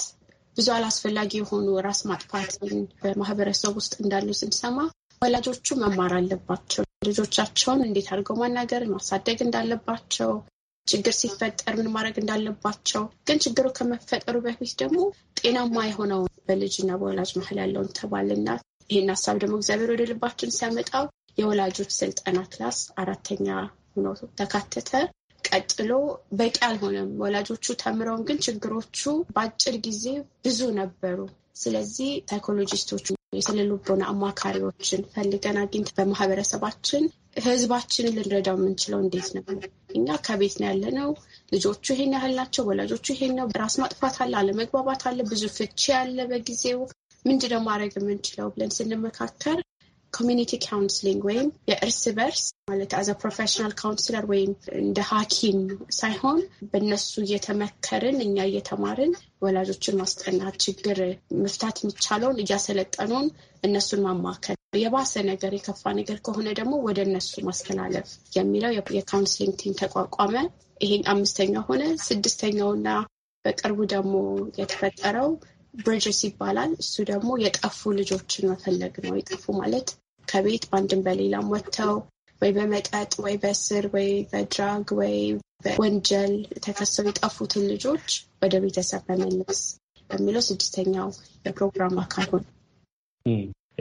ብዙ አላስፈላጊ የሆኑ ራስ ማጥፋትን በማህበረሰብ ውስጥ እንዳሉ ስንሰማ ወላጆቹ መማር አለባቸው። ልጆቻቸውን እንዴት አድርገው ማናገር ማሳደግ እንዳለባቸው፣ ችግር ሲፈጠር ምን ማድረግ እንዳለባቸው፣ ግን ችግሩ ከመፈጠሩ በፊት ደግሞ ጤናማ የሆነው በልጅና በወላጅ መሀል ያለውን ተባልና ይህን ሀሳብ ደግሞ እግዚአብሔር ወደ ልባችን ሲያመጣው የወላጆች ስልጠና ክላስ አራተኛ ሆኖ ተካተተ። ቀጥሎ በቂ አልሆነም። ወላጆቹ ተምረውም ግን ችግሮቹ በአጭር ጊዜ ብዙ ነበሩ። ስለዚህ ሳይኮሎጂስቶቹ የስነ ልቦና አማካሪዎችን ፈልገን አግኝት በማህበረሰባችን ህዝባችንን ልንረዳው የምንችለው እንዴት ነው? እኛ ከቤት ነው ነው። ልጆቹ ይሄን ያህል ናቸው፣ ወላጆቹ ይሄን ነው። ራስ ማጥፋት አለ፣ አለመግባባት አለ፣ ብዙ ፍቺ ያለ በጊዜው ምንድነው ማድረግ የምንችለው ብለን ስንመካከር ኮሚኒቲ ካውንስሊንግ ወይም የእርስ በርስ ማለት አዘ ፕሮፌሽናል ካውንስለር ወይም እንደ ሐኪም ሳይሆን በነሱ እየተመከርን እኛ እየተማርን ወላጆችን ማስጠናት ችግር መፍታት የሚቻለውን እያሰለጠኑን እነሱን ማማከል የባሰ ነገር የከፋ ነገር ከሆነ ደግሞ ወደ እነሱ ማስተላለፍ የሚለው የካውንስሊንግ ቲም ተቋቋመ። ይሄን አምስተኛው ሆነ። ስድስተኛውና በቅርቡ ደግሞ የተፈጠረው ብሪጅስ ይባላል። እሱ ደግሞ የጠፉ ልጆችን መፈለግ ነው። የጠፉ ማለት ከቤት በአንድም በሌላም ወጥተው ወይ በመጠጥ ወይ በስር ወይ በድራግ ወይ በወንጀል ተከሰው የጠፉትን ልጆች ወደ ቤተሰብ በመለስ በሚለው ስድስተኛው የፕሮግራም አካል ሆነ።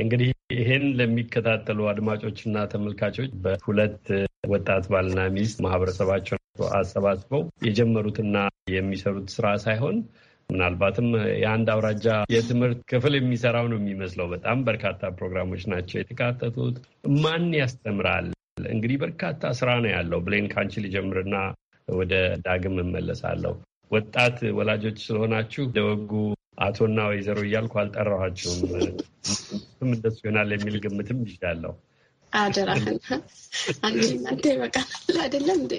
እንግዲህ ይህን ለሚከታተሉ አድማጮችና ተመልካቾች በሁለት ወጣት ባልና ሚስት ማህበረሰባቸውን አሰባስበው የጀመሩትና የሚሰሩት ስራ ሳይሆን ምናልባትም የአንድ አውራጃ የትምህርት ክፍል የሚሰራው ነው የሚመስለው። በጣም በርካታ ፕሮግራሞች ናቸው የተካተቱት። ማን ያስተምራል? እንግዲህ በርካታ ስራ ነው ያለው። ብሌን ካንቺ ልጀምርና ወደ ዳግም እመለሳለሁ። ወጣት ወላጆች ስለሆናችሁ ደወጉ አቶና ወይዘሮ እያልኩ አልጠራኋችሁም። እንደሱ ይሆናል የሚል ግምትም ይዣለሁ። አደራህን አንቺ እናንተ ይበቃል አይደለም እንዴ?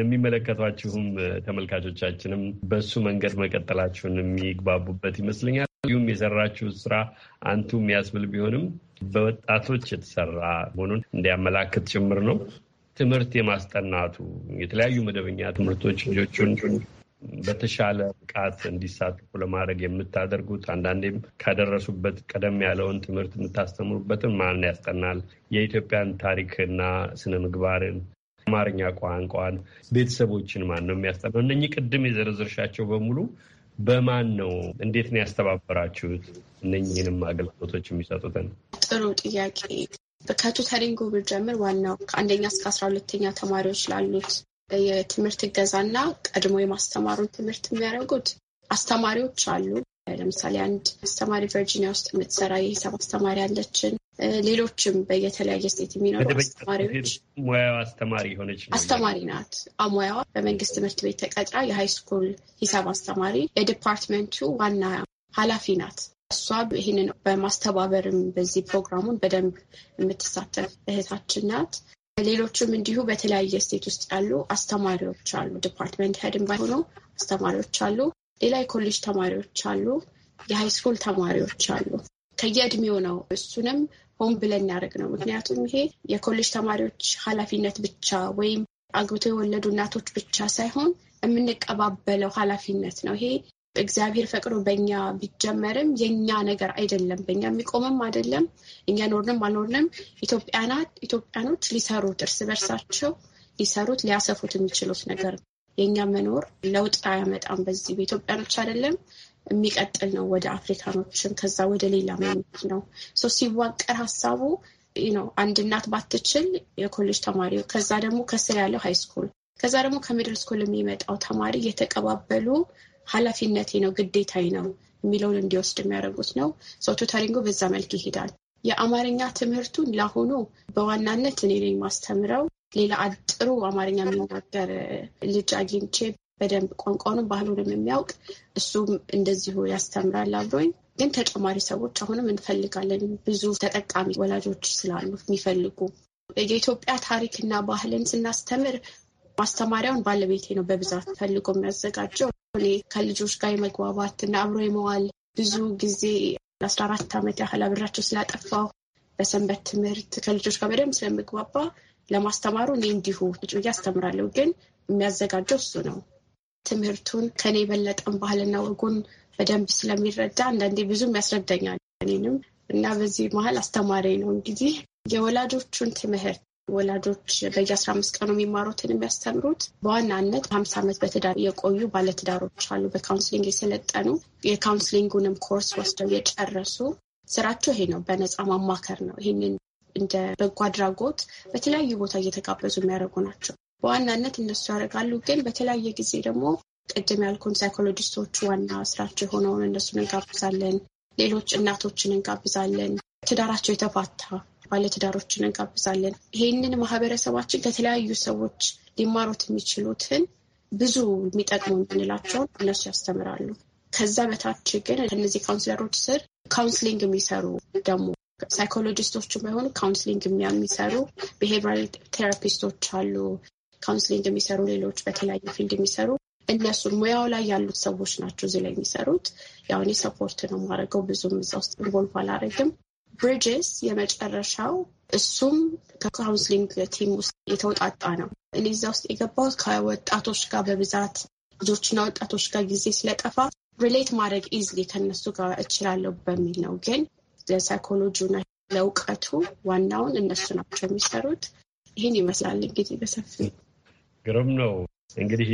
የሚመለከቷችሁም ተመልካቾቻችንም በሱ መንገድ መቀጠላችሁን የሚግባቡበት ይመስለኛል። እንዲሁም የሰራችሁ ስራ አንቱ የሚያስብል ቢሆንም በወጣቶች የተሰራ መሆኑን እንዲያመላክት ጭምር ነው። ትምህርት የማስጠናቱ የተለያዩ መደበኛ ትምህርቶች ልጆቹን በተሻለ ብቃት እንዲሳተፉ ለማድረግ የምታደርጉት አንዳንዴም ከደረሱበት ቀደም ያለውን ትምህርት የምታስተምሩበትን ማን ያስጠናል? የኢትዮጵያን ታሪክና ስነ ምግባርን አማርኛ ቋንቋን ቤተሰቦችን ማን ነው የሚያስጠናው? እነኚህ ቅድም የዘረዘርሻቸው በሙሉ በማን ነው እንዴት ነው ያስተባበራችሁት? እነኚህንም አገልግሎቶች የሚሰጡትን ጥሩ ጥያቄ ከቱተሪንጉ ጀምር ዋናው ከአንደኛ እስከ አስራ ሁለተኛ ተማሪዎች ላሉት የትምህርት እገዛና ቀድሞ የማስተማሩን ትምህርት የሚያደርጉት አስተማሪዎች አሉ። ለምሳሌ አንድ አስተማሪ ቨርጂኒያ ውስጥ የምትሰራ የሂሳብ አስተማሪ አለችን። ሌሎችም በየተለያየ ስቴት የሚኖሩ አስተማሪዎች ሙያዋ አስተማሪ አስተማሪ ናት። አሙያዋ በመንግስት ትምህርት ቤት ተቀጥራ ስኩል ሂሳብ አስተማሪ የዲፓርትመንቱ ዋና ኃላፊ ናት። እሷ ይህንን በማስተባበርም በዚህ ፕሮግራሙን በደንብ የምትሳተፍ እህታችን ናት። ሌሎችም እንዲሁ በተለያየ ስቴት ውስጥ ያሉ አስተማሪዎች አሉ። ዲፓርትመንት ሄድም ባይሆኑ አስተማሪዎች አሉ። ሌላ የኮሌጅ ተማሪዎች አሉ። የሃይስኩል ተማሪዎች አሉ። ከየእድሜው ነው። እሱንም ሆን ብለን እናደርግ ነው። ምክንያቱም ይሄ የኮሌጅ ተማሪዎች ኃላፊነት ብቻ ወይም አግብተው የወለዱ እናቶች ብቻ ሳይሆን የምንቀባበለው ኃላፊነት ነው። ይሄ እግዚአብሔር ፈቅዶ በእኛ ቢጀመርም የእኛ ነገር አይደለም። በእኛ የሚቆምም አይደለም። እኛ ኖርንም አልኖርንም ኢትዮጵያናት ኢትዮጵያኖች ሊሰሩት እርስ በርሳቸው ሊሰሩት ሊያሰፉት የሚችሉት ነገር ነው። የእኛ መኖር ለውጥ አያመጣም። በዚህ በኢትዮጵያኖች አይደለም የሚቀጥል ነው። ወደ አፍሪካኖችም ከዛ ወደ ሌላ መኖት ነው። ሲዋቀር ሀሳቡ ነው። አንድ እናት ባትችል የኮሌጅ ተማሪ ከዛ ደግሞ ከስር ያለው ሃይስኩል፣ ከዛ ደግሞ ከሚድል ስኩል የሚመጣው ተማሪ እየተቀባበሉ ኃላፊነቴ ነው ግዴታዬ ነው የሚለውን እንዲወስድ የሚያደርጉት ነው። ሰው ቱተሪንጉ በዛ መልክ ይሄዳል። የአማርኛ ትምህርቱን ለአሁኑ በዋናነት እኔ ነኝ ማስተምረው። ሌላ አጥሩ አማርኛ የሚናገር ልጅ አግኝቼ በደንብ ቋንቋኑን ባህሉንም የሚያውቅ እሱም እንደዚሁ ያስተምራል አብሮኝ። ግን ተጨማሪ ሰዎች አሁንም እንፈልጋለን። ብዙ ተጠቃሚ ወላጆች ስላሉ የሚፈልጉ የኢትዮጵያ ታሪክና ባህልን ስናስተምር ማስተማሪያውን ባለቤቴ ነው በብዛት ፈልጎ የሚያዘጋጀው። እኔ ከልጆች ጋር የመግባባት እና አብሮ የመዋል ብዙ ጊዜ አስራ አራት ዓመት ያህል አብራቸው ስላጠፋው በሰንበት ትምህርት ከልጆች ጋር በደንብ ስለምግባባ ለማስተማሩ እኔ እንዲሁ ቁጭ ብዬ አስተምራለሁ። ግን የሚያዘጋጀው እሱ ነው። ትምህርቱን ከኔ የበለጠን ባህልና ወጉን በደንብ ስለሚረዳ አንዳንዴ ብዙም ያስረዳኛል እኔንም እና በዚህ መሀል አስተማሪ ነው እንግዲህ የወላጆቹን ትምህርት ወላጆች በየአስራ አምስት ቀኑ የሚማሩትን የሚያስተምሩት በዋናነት ሀምሳ ዓመት በትዳር የቆዩ ባለትዳሮች አሉ። በካውንስሊንግ የሰለጠኑ የካውንስሊንጉንም ኮርስ ወስደው የጨረሱ ስራቸው ይሄ ነው፣ በነፃ ማማከር ነው። ይህንን እንደ በጎ አድራጎት በተለያዩ ቦታ እየተጋበዙ የሚያደርጉ ናቸው። በዋናነት እነሱ ያደርጋሉ። ግን በተለያየ ጊዜ ደግሞ ቅድም ያልኩን ሳይኮሎጂስቶች ዋና ስራቸው የሆነውን እነሱን እንጋብዛለን። ሌሎች እናቶችን እንጋብዛለን። ትዳራቸው የተፋታ ባለትዳሮችን እንጋብዛለን። ይህንን ማህበረሰባችን ከተለያዩ ሰዎች ሊማሩት የሚችሉትን ብዙ የሚጠቅሙ የምንላቸውን እነሱ ያስተምራሉ። ከዛ በታች ግን ከነዚህ ካውንስለሮች ስር ካውንስሊንግ የሚሰሩ ደግሞ ሳይኮሎጂስቶች ባይሆኑ ካውንስሊንግ የሚሰሩ ብሄራል ቴራፒስቶች አሉ። ካውንስሊንግ የሚሰሩ ሌሎች በተለያየ ፊልድ የሚሰሩ እነሱን ሙያው ላይ ያሉት ሰዎች ናቸው እዚህ ላይ የሚሰሩት። ያው እኔ ሰፖርት ነው የማደርገው ብዙም እዛ ውስጥ ኢንቮልቭ አላደርግም። ብሪጅስ የመጨረሻው እሱም ከካውንስሊንግ ቲም ውስጥ የተውጣጣ ነው። እኔ እዛ ውስጥ የገባሁት ከወጣቶች ጋር በብዛት ልጆችና ወጣቶች ጋር ጊዜ ስለጠፋ ሪሌት ማድረግ ኢዝሊ ከነሱ ጋር እችላለሁ በሚል ነው። ግን ለሳይኮሎጂና ለእውቀቱ ዋናውን እነሱ ናቸው የሚሰሩት። ይህን ይመስላል እንግዲህ በሰፊ ግርም ነው። እንግዲህ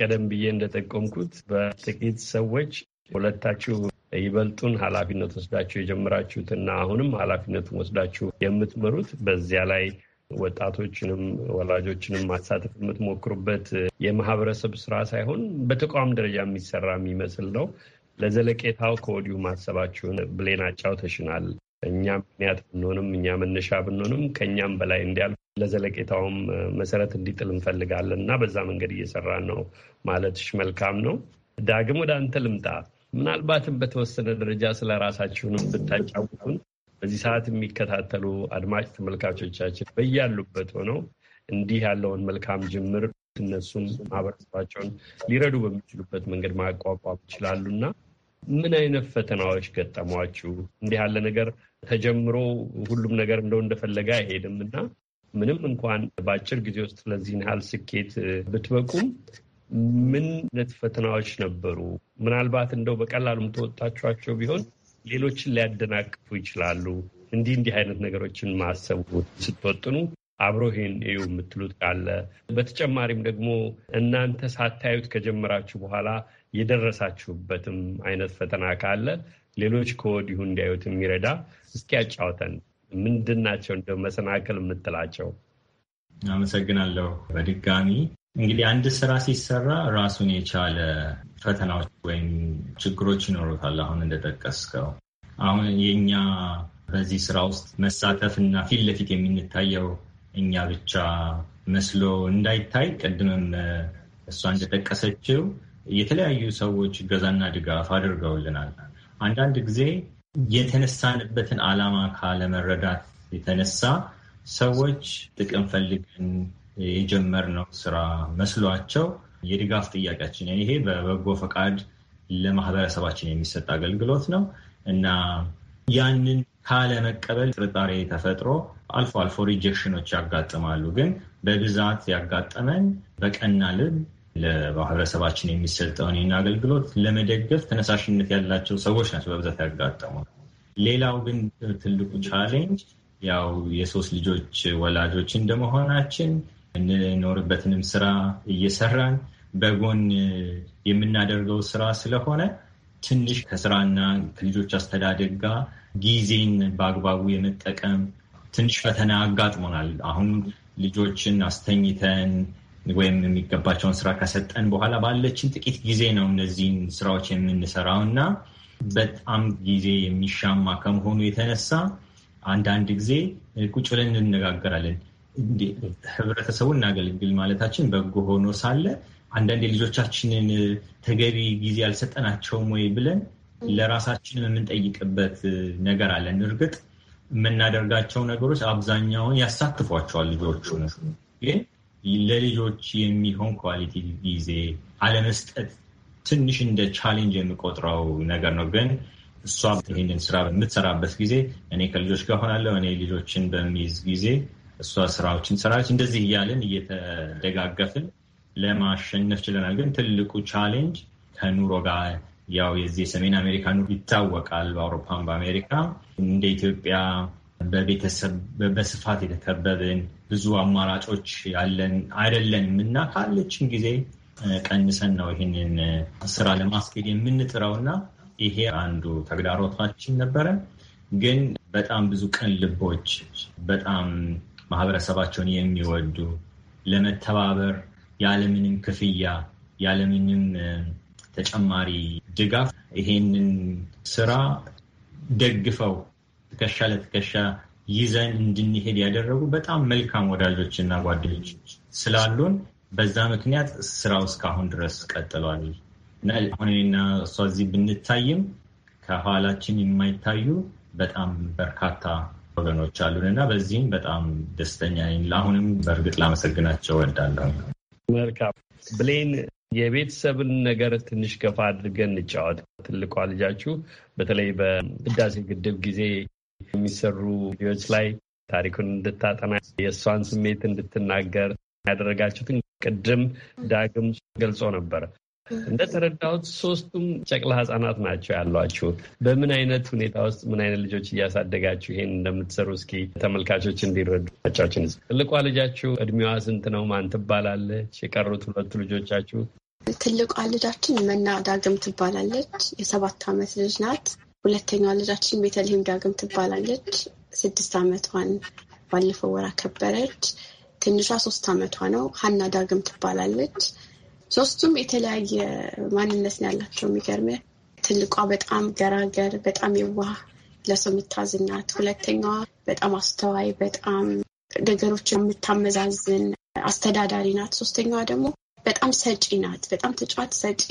ቀደም ብዬ እንደጠቆምኩት በጥቂት ሰዎች ሁለታችሁ ይበልጡን ኃላፊነት ወስዳችሁ የጀመራችሁትና አሁንም ኃላፊነቱን ወስዳችሁ የምትመሩት በዚያ ላይ ወጣቶችንም ወላጆችንም ማሳተፍ የምትሞክሩበት የማህበረሰብ ስራ ሳይሆን በተቋም ደረጃ የሚሰራ የሚመስል ነው። ለዘለቄታው ከወዲሁ ማሰባችሁን ብሌን አጫውተሽናል። እኛ ምክንያት ብንሆንም እኛ መነሻ ብንሆንም ከእኛም በላይ እንዲያል ለዘለቄታውም መሰረት እንዲጥል እንፈልጋለን እና በዛ መንገድ እየሰራን ነው ማለትሽ መልካም ነው። ዳግም ወደ አንተ ልምጣ። ምናልባትም በተወሰነ ደረጃ ስለ ራሳችሁንም ብታጫውቱን በዚህ ሰዓት የሚከታተሉ አድማጭ ተመልካቾቻችን በያሉበት ሆነው እንዲህ ያለውን መልካም ጅምር እነሱም ማህበረሰባቸውን ሊረዱ በሚችሉበት መንገድ ማቋቋም ይችላሉ እና ምን አይነት ፈተናዎች ገጠሟችሁ? እንዲህ ያለ ነገር ተጀምሮ ሁሉም ነገር እንደው እንደፈለገ አይሄድም እና ምንም እንኳን በአጭር ጊዜ ውስጥ ስለዚህ ያህል ስኬት ብትበቁም ምን ነት ፈተናዎች ነበሩ? ምናልባት እንደው በቀላሉ የምትወጣችኋቸው ቢሆን ሌሎችን ሊያደናቅፉ ይችላሉ። እንዲህ እንዲህ አይነት ነገሮችን ማሰቡ ስትወጥኑ አብሮ ይሄን እዩ የምትሉት ካለ በተጨማሪም ደግሞ እናንተ ሳታዩት ከጀመራችሁ በኋላ የደረሳችሁበትም አይነት ፈተና ካለ ሌሎች ከወዲሁ እንዲያዩት የሚረዳ እስኪ ያጫውተን። ምንድን ናቸው እንደ መሰናክል የምትላቸው? አመሰግናለሁ በድጋሚ እንግዲህ አንድ ስራ ሲሰራ ራሱን የቻለ ፈተናዎች ወይም ችግሮች ይኖሩታል። አሁን እንደጠቀስከው አሁን የእኛ በዚህ ስራ ውስጥ መሳተፍ እና ፊት ለፊት የምንታየው እኛ ብቻ መስሎ እንዳይታይ ቅድምም እሷ እንደጠቀሰችው የተለያዩ ሰዎች እገዛና ድጋፍ አድርገውልናል። አንዳንድ ጊዜ የተነሳንበትን ዓላማ ካለመረዳት የተነሳ ሰዎች ጥቅም ፈልገን የጀመርነው ስራ መስሏቸው የድጋፍ ጥያቄያችን ይሄ በበጎ ፈቃድ ለማህበረሰባችን የሚሰጥ አገልግሎት ነው እና ያንን ካለመቀበል ጥርጣሬ ተፈጥሮ አልፎ አልፎ ሪጀክሽኖች ያጋጥማሉ። ግን በብዛት ያጋጠመን በቀና ልብ ለማህበረሰባችን የሚሰጠውን ይህን አገልግሎት ለመደገፍ ተነሳሽነት ያላቸው ሰዎች ናቸው በብዛት ያጋጠሙ። ሌላው ግን ትልቁ ቻሌንጅ ያው የሶስት ልጆች ወላጆች እንደመሆናችን እንኖርበትንም ስራ እየሰራን በጎን የምናደርገው ስራ ስለሆነ ትንሽ ከስራና ከልጆች አስተዳደግ ጋር ጊዜን በአግባቡ የመጠቀም ትንሽ ፈተና አጋጥሞናል። አሁን ልጆችን አስተኝተን ወይም የሚገባቸውን ስራ ከሰጠን በኋላ ባለችን ጥቂት ጊዜ ነው እነዚህን ስራዎች የምንሰራው እና በጣም ጊዜ የሚሻማ ከመሆኑ የተነሳ አንዳንድ ጊዜ ቁጭ ብለን እንነጋገራለን። ህብረተሰቡን እናገልግል ማለታችን በጎ ሆኖ ሳለ አንዳንድ የልጆቻችንን ተገቢ ጊዜ አልሰጠናቸውም ወይ ብለን ለራሳችን የምንጠይቅበት ነገር አለን። እርግጥ የምናደርጋቸው ነገሮች አብዛኛውን ያሳትፏቸዋል ልጆቹ ግን ለልጆች የሚሆን ኳሊቲ ጊዜ አለመስጠት ትንሽ እንደ ቻሌንጅ የምቆጥረው ነገር ነው። ግን እሷ ይህንን ስራ በምትሰራበት ጊዜ እኔ ከልጆች ጋር ሆናለሁ። እኔ ልጆችን በሚይዝ ጊዜ እሷ ስራዎችን ሰራች። እንደዚህ እያለን እየተደጋገፍን ለማሸነፍ ችለናል። ግን ትልቁ ቻሌንጅ ከኑሮ ጋር ያው የዚህ የሰሜን አሜሪካ ኑሮ ይታወቃል። በአውሮፓን በአሜሪካ እንደ ኢትዮጵያ በቤተሰብ በስፋት የተከበብን ብዙ አማራጮች ያለን አይደለንም እና ካለችን ጊዜ ቀንሰን ነው ይህንን ስራ ለማስኬድ የምንጥረው እና ይሄ አንዱ ተግዳሮታችን ነበረ። ግን በጣም ብዙ ቅን ልቦች በጣም ማህበረሰባቸውን የሚወዱ ለመተባበር ያለምንም ክፍያ ያለምንም ተጨማሪ ድጋፍ ይሄንን ስራ ደግፈው ትከሻ ለትከሻ ይዘን እንድንሄድ ያደረጉ በጣም መልካም ወዳጆች እና ጓደኞች ስላሉን በዛ ምክንያት ስራው እስካሁን ድረስ ቀጥሏል እና አሁን እኔና እሷ እዚህ ብንታይም ከኋላችን የማይታዩ በጣም በርካታ ወገኖች አሉን እና በዚህም በጣም ደስተኛ ነኝ። ለአሁንም በእርግጥ ላመሰግናቸው እወዳለሁ። መልካም ብሌን፣ የቤተሰብን ነገር ትንሽ ገፋ አድርገን እንጫወት። ትልቋ ልጃችሁ በተለይ በህዳሴ ግድብ ጊዜ የሚሰሩ ቪዲዮች ላይ ታሪኩን እንድታጠና የእሷን ስሜት እንድትናገር ያደረጋችሁትን ቅድም ዳግም ገልጾ ነበር። እንደተረዳሁት ሶስቱም ጨቅላ ህጻናት ናቸው ያሏችሁ። በምን አይነት ሁኔታ ውስጥ ምን አይነት ልጆች እያሳደጋችሁ ይሄን እንደምትሰሩ እስኪ ተመልካቾች እንዲረዱ ቻችን። ትልቋ ልጃችሁ እድሜዋ ስንት ነው? ማን ትባላለች? የቀሩት ሁለቱ ልጆቻችሁ? ትልቋ ልጃችን መና ዳግም ትባላለች። የሰባት ዓመት ልጅ ናት። ሁለተኛዋ ልጃችን ቤተልሔም ዳግም ትባላለች። ስድስት ዓመቷን ባለፈው ወር አከበረች። ትንሿ ሶስት ዓመቷ ነው። ሀና ዳግም ትባላለች። ሶስቱም የተለያየ ማንነት ነው ያላቸው። የሚገርም ትልቋ በጣም ገራገር፣ በጣም የዋህ ለሰው የምታዝናት፣ ሁለተኛዋ በጣም አስተዋይ፣ በጣም ነገሮችን የምታመዛዝን አስተዳዳሪ ናት። ሶስተኛዋ ደግሞ በጣም ሰጪ ናት። በጣም ተጫዋት፣ ሰጪ፣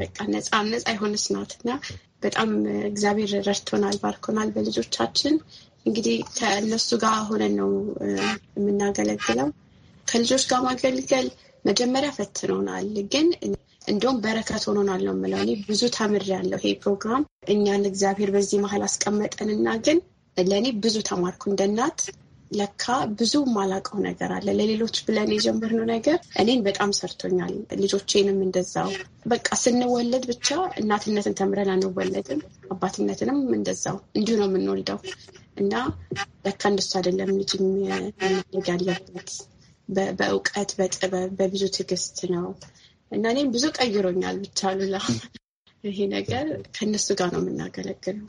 በቃ ነፃ ነፃ የሆነች ናት እና በጣም እግዚአብሔር ረድቶናል፣ ባርኮናል በልጆቻችን እንግዲህ ከእነሱ ጋር ሆነን ነው የምናገለግለው። ከልጆች ጋር ማገልገል መጀመሪያ ፈትኖናል፣ ግን እንዲሁም በረከት ሆኖናል ነው የምለው። እኔ ብዙ ተምሬያለሁ። ይሄ ፕሮግራም እኛን እግዚአብሔር በዚህ መሀል አስቀመጠንና ግን ለእኔ ብዙ ተማርኩ። እንደ እናት ለካ ብዙ ማላውቀው ነገር አለ። ለሌሎች ብለን የጀመርነው ነገር እኔን በጣም ሰርቶኛል። ልጆቼንም እንደዛው በቃ ስንወለድ ብቻ እናትነትን ተምረን አንወለድም፣ አባትነትንም እንደዛው እንዲሁ ነው የምንወልደው እና ለካ እንደሱ አይደለም ልጅ ያለበት በእውቀት በጥበብ በብዙ ትዕግስት ነው እና እኔም ብዙ ቀይሮኛል። ብቻ ሉላ ይሄ ነገር ከእነሱ ጋር ነው የምናገለግለው።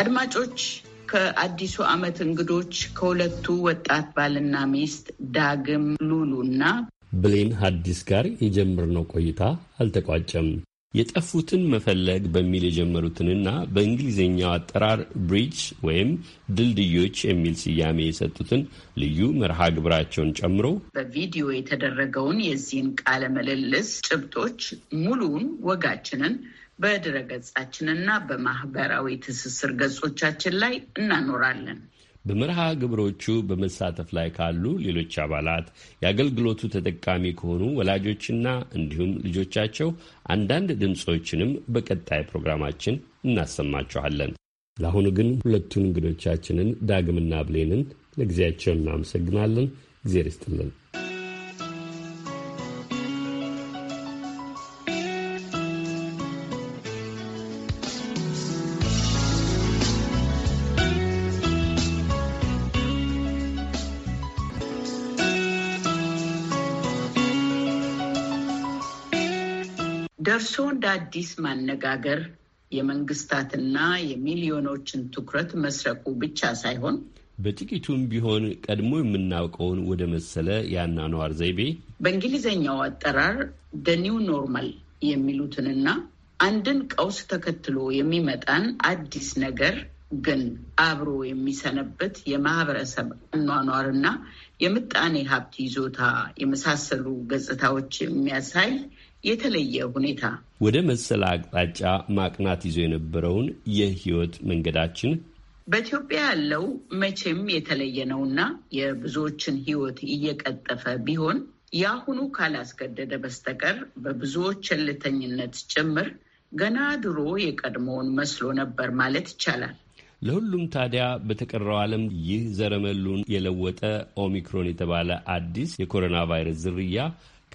አድማጮች ከአዲሱ ዓመት እንግዶች ከሁለቱ ወጣት ባልና ሚስት ዳግም ሉሉ እና ብሌን ሀዲስ ጋር የጀመርነው ቆይታ አልተቋጨም። የጠፉትን መፈለግ በሚል የጀመሩትንና በእንግሊዝኛው አጠራር ብሪጅ ወይም ድልድዮች የሚል ስያሜ የሰጡትን ልዩ መርሃ ግብራቸውን ጨምሮ በቪዲዮ የተደረገውን የዚህን ቃለ ምልልስ ጭብጦች ሙሉውን ወጋችንን በድረገጻችንና በማህበራዊ ትስስር ገጾቻችን ላይ እናኖራለን። በመርሃ ግብሮቹ በመሳተፍ ላይ ካሉ ሌሎች አባላት የአገልግሎቱ ተጠቃሚ ከሆኑ ወላጆችና እንዲሁም ልጆቻቸው አንዳንድ ድምፆችንም በቀጣይ ፕሮግራማችን እናሰማችኋለን። ለአሁኑ ግን ሁለቱን እንግዶቻችንን ዳግምና ብሌንን ለጊዜያቸው እናመሰግናለን። እግዜር ይስጥልን። ደርሶ እንደ አዲስ ማነጋገር የመንግስታትና የሚሊዮኖችን ትኩረት መስረቁ ብቻ ሳይሆን በጥቂቱም ቢሆን ቀድሞ የምናውቀውን ወደ መሰለ የአኗኗር ዘይቤ በእንግሊዝኛው አጠራር ደ ኒው ኖርማል የሚሉትንና አንድን ቀውስ ተከትሎ የሚመጣን አዲስ ነገር ግን አብሮ የሚሰነበት የማህበረሰብ አኗኗርና የምጣኔ ሀብት ይዞታ የመሳሰሉ ገጽታዎች የሚያሳይ የተለየ ሁኔታ ወደ መሰል አቅጣጫ ማቅናት ይዞ የነበረውን የህይወት መንገዳችን በኢትዮጵያ ያለው መቼም የተለየ ነውና የብዙዎችን ህይወት እየቀጠፈ ቢሆን የአሁኑ ካላስገደደ በስተቀር በብዙዎች ቸልተኝነት ጭምር ገና ድሮ የቀድሞውን መስሎ ነበር ማለት ይቻላል። ለሁሉም ታዲያ በተቀረው ዓለም ይህ ዘረመሉን የለወጠ ኦሚክሮን የተባለ አዲስ የኮሮና ቫይረስ ዝርያ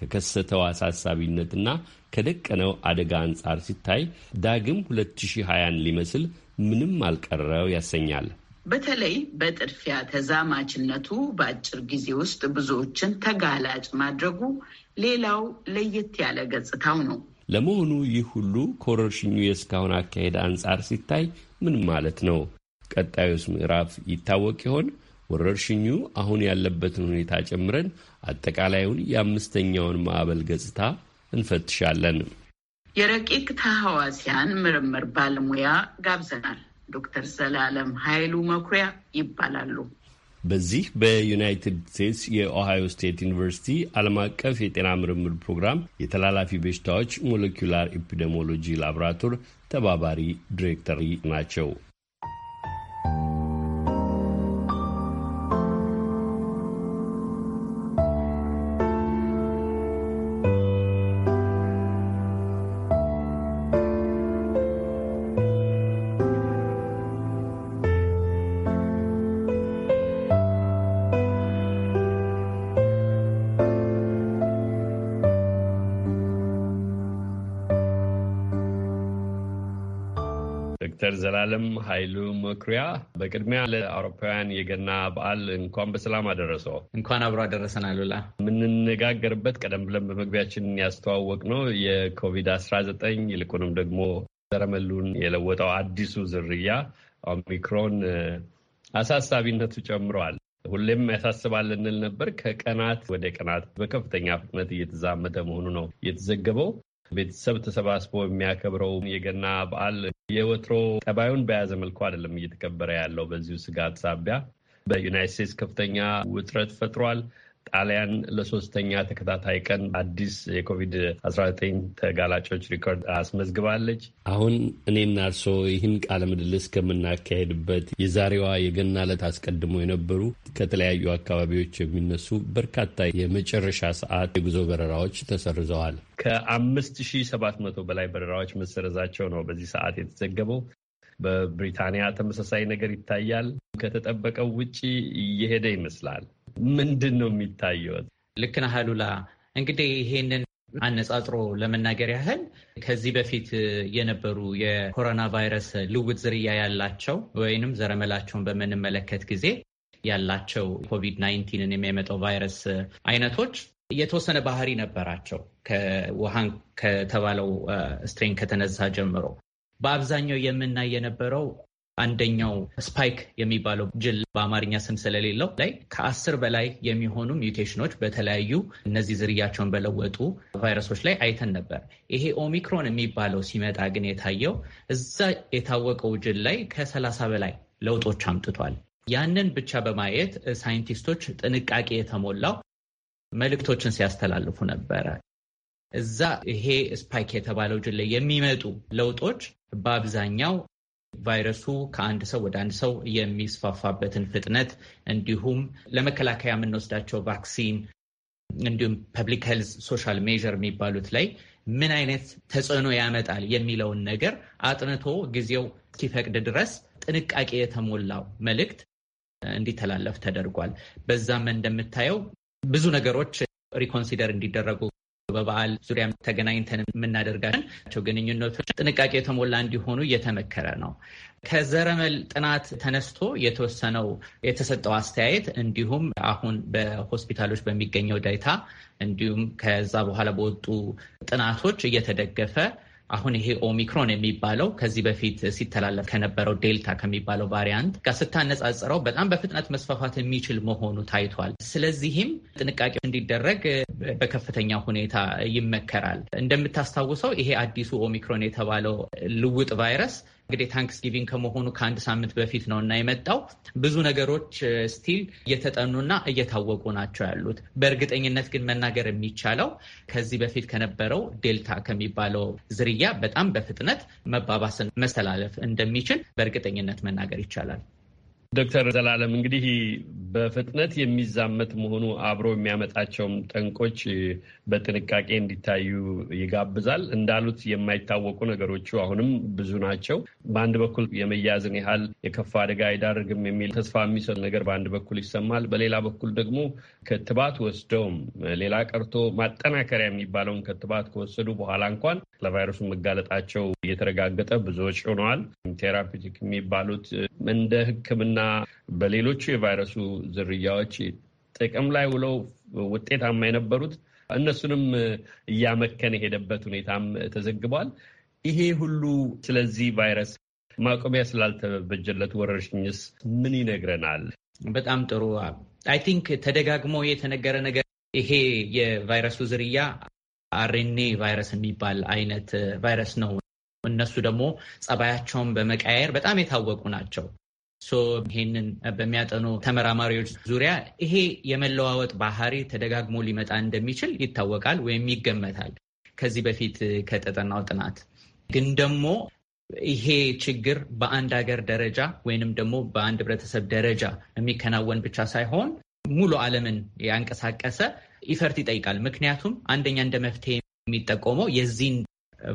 ከከሰተው አሳሳቢነትና ከደቀነው አደጋ አንጻር ሲታይ ዳግም 2020ን ሊመስል ምንም አልቀረው ያሰኛል። በተለይ በጥድፊያ ተዛማችነቱ በአጭር ጊዜ ውስጥ ብዙዎችን ተጋላጭ ማድረጉ ሌላው ለየት ያለ ገጽታው ነው። ለመሆኑ ይህ ሁሉ ከወረርሽኙ የእስካሁን አካሄድ አንጻር ሲታይ ምን ማለት ነው? ቀጣዩስ ምዕራፍ ይታወቅ ይሆን? ወረርሽኙ አሁን ያለበትን ሁኔታ ጨምረን አጠቃላዩን የአምስተኛውን ማዕበል ገጽታ እንፈትሻለን። የረቂቅ ተሐዋስያን ምርምር ባለሙያ ጋብዘናል። ዶክተር ዘላለም ኃይሉ መኩሪያ ይባላሉ። በዚህ በዩናይትድ ስቴትስ የኦሃዮ ስቴት ዩኒቨርሲቲ ዓለም አቀፍ የጤና ምርምር ፕሮግራም የተላላፊ በሽታዎች ሞለኪላር ኢፒደሞሎጂ ላቦራቶሪ ተባባሪ ዲሬክተሪ ናቸው። ኃይሉ መኩሪያ፣ በቅድሚያ ለአውሮፓውያን የገና በዓል እንኳን በሰላም አደረሰው። እንኳን አብሮ አደረሰን አሉላ። የምንነጋገርበት ቀደም ብለን በመግቢያችን ያስተዋወቅ ነው የኮቪድ-19 ይልቁንም ደግሞ ዘረመሉን የለወጠው አዲሱ ዝርያ ኦሚክሮን አሳሳቢነቱ ጨምረዋል። ሁሌም ያሳስባል እንል ነበር። ከቀናት ወደ ቀናት በከፍተኛ ፍጥነት እየተዛመተ መሆኑ ነው የተዘገበው። ቤተሰብ ተሰባስቦ የሚያከብረው የገና በዓል የወትሮ ጠባዩን በያዘ መልኩ አይደለም እየተከበረ ያለው። በዚሁ ስጋት ሳቢያ በዩናይት ስቴትስ ከፍተኛ ውጥረት ፈጥሯል። ጣሊያን ለሶስተኛ ተከታታይ ቀን አዲስ የኮቪድ-19 ተጋላጮች ሪኮርድ አስመዝግባለች። አሁን እኔና እርስዎ ይህን ቃለ ምልልስ ከምናካሄድበት የዛሬዋ የገና ዕለት አስቀድሞ የነበሩ ከተለያዩ አካባቢዎች የሚነሱ በርካታ የመጨረሻ ሰዓት የጉዞ በረራዎች ተሰርዘዋል። ከ ሺህ በላይ በረራዎች መሰረዛቸው ነው በዚህ ሰዓት የተዘገበው። በብሪታንያ ተመሳሳይ ነገር ይታያል። ከተጠበቀው ውጪ እየሄደ ይመስላል። ምንድን ነው የሚታየው? ልክ ነህ አሉላ። እንግዲህ ይሄንን አነጻጽሮ ለመናገር ያህል ከዚህ በፊት የነበሩ የኮሮና ቫይረስ ልውጥ ዝርያ ያላቸው ወይንም ዘረመላቸውን በምንመለከት ጊዜ ያላቸው ኮቪድ ናይንቲንን የሚያመጣው ቫይረስ አይነቶች የተወሰነ ባህሪ ነበራቸው ከውሃን ከተባለው ስትሬን ከተነሳ ጀምሮ በአብዛኛው የምናይ የነበረው አንደኛው ስፓይክ የሚባለው ጅል በአማርኛ ስም ስለሌለው ላይ ከአስር በላይ የሚሆኑ ሚውቴሽኖች በተለያዩ እነዚህ ዝርያቸውን በለወጡ ቫይረሶች ላይ አይተን ነበር። ይሄ ኦሚክሮን የሚባለው ሲመጣ ግን የታየው እዛ የታወቀው ጅል ላይ ከሰላሳ በላይ ለውጦች አምጥቷል። ያንን ብቻ በማየት ሳይንቲስቶች ጥንቃቄ የተሞላው መልእክቶችን ሲያስተላልፉ ነበረ። እዛ ይሄ ስፓይክ የተባለው ጅል ላይ የሚመጡ ለውጦች በአብዛኛው ቫይረሱ ከአንድ ሰው ወደ አንድ ሰው የሚስፋፋበትን ፍጥነት እንዲሁም ለመከላከያ የምንወስዳቸው ቫክሲን እንዲሁም ፐብሊክ ሄልዝ ሶሻል ሜዥር የሚባሉት ላይ ምን አይነት ተጽዕኖ ያመጣል የሚለውን ነገር አጥንቶ ጊዜው እስኪፈቅድ ድረስ ጥንቃቄ የተሞላው መልእክት እንዲተላለፍ ተደርጓል። በዛም እንደምታየው ብዙ ነገሮች ሪኮንሲደር እንዲደረጉ በበዓል ዙሪያም ተገናኝተን የምናደርጋቸው ግንኙነቶች ጥንቃቄ የተሞላ እንዲሆኑ እየተመከረ ነው። ከዘረመል ጥናት ተነስቶ የተወሰነው የተሰጠው አስተያየት እንዲሁም አሁን በሆስፒታሎች በሚገኘው ዳይታ እንዲሁም ከዛ በኋላ በወጡ ጥናቶች እየተደገፈ አሁን ይሄ ኦሚክሮን የሚባለው ከዚህ በፊት ሲተላለፍ ከነበረው ዴልታ ከሚባለው ቫሪያንት ጋር ስታነጻጽረው በጣም በፍጥነት መስፋፋት የሚችል መሆኑ ታይቷል። ስለዚህም ጥንቃቄ እንዲደረግ በከፍተኛ ሁኔታ ይመከራል። እንደምታስታውሰው ይሄ አዲሱ ኦሚክሮን የተባለው ልውጥ ቫይረስ እንግዲህ ታንክስ ጊቪንግ ከመሆኑ ከአንድ ሳምንት በፊት ነው እና የመጣው ብዙ ነገሮች ስቲል እየተጠኑና እየታወቁ ናቸው ያሉት። በእርግጠኝነት ግን መናገር የሚቻለው ከዚህ በፊት ከነበረው ዴልታ ከሚባለው ዝርያ በጣም በፍጥነት መባባስን መስተላለፍ እንደሚችል በእርግጠኝነት መናገር ይቻላል። ዶክተር ዘላለም እንግዲህ በፍጥነት የሚዛመት መሆኑ አብሮ የሚያመጣቸውም ጠንቆች በጥንቃቄ እንዲታዩ ይጋብዛል። እንዳሉት የማይታወቁ ነገሮቹ አሁንም ብዙ ናቸው። በአንድ በኩል የመያዝን ያህል የከፋ አደጋ አይዳርግም የሚል ተስፋ የሚሰጥ ነገር በአንድ በኩል ይሰማል። በሌላ በኩል ደግሞ ክትባት ወስደውም ሌላ ቀርቶ ማጠናከሪያ የሚባለውን ክትባት ከወሰዱ በኋላ እንኳን ለቫይረሱ መጋለጣቸው እየተረጋገጠ ብዙዎች ሆነዋል። ቴራፒቲክ የሚባሉት እንደ ሕክምና በሌሎቹ የቫይረሱ ዝርያዎች ጥቅም ላይ ውለው ውጤታማ የነበሩት እነሱንም እያመከን የሄደበት ሁኔታም ተዘግቧል። ይሄ ሁሉ ስለዚህ ቫይረስ ማቆሚያ ስላልተበጀለት ወረርሽኝስ ምን ይነግረናል? በጣም ጥሩ አይ ቲንክ ተደጋግሞ የተነገረ ነገር ይሄ የቫይረሱ ዝርያ አሬኔ ቫይረስ የሚባል አይነት ቫይረስ ነው። እነሱ ደግሞ ጸባያቸውን በመቀያየር በጣም የታወቁ ናቸው። ይሄንን በሚያጠኑ ተመራማሪዎች ዙሪያ ይሄ የመለዋወጥ ባህሪ ተደጋግሞ ሊመጣ እንደሚችል ይታወቃል ወይም ይገመታል ከዚህ በፊት ከተጠናው ጥናት ግን ደግሞ ይሄ ችግር በአንድ ሀገር ደረጃ ወይንም ደግሞ በአንድ ህብረተሰብ ደረጃ የሚከናወን ብቻ ሳይሆን ሙሉ ዓለምን ያንቀሳቀሰ ኢፈርት ይጠይቃል። ምክንያቱም አንደኛ እንደ መፍትሄ የሚጠቆመው የዚህን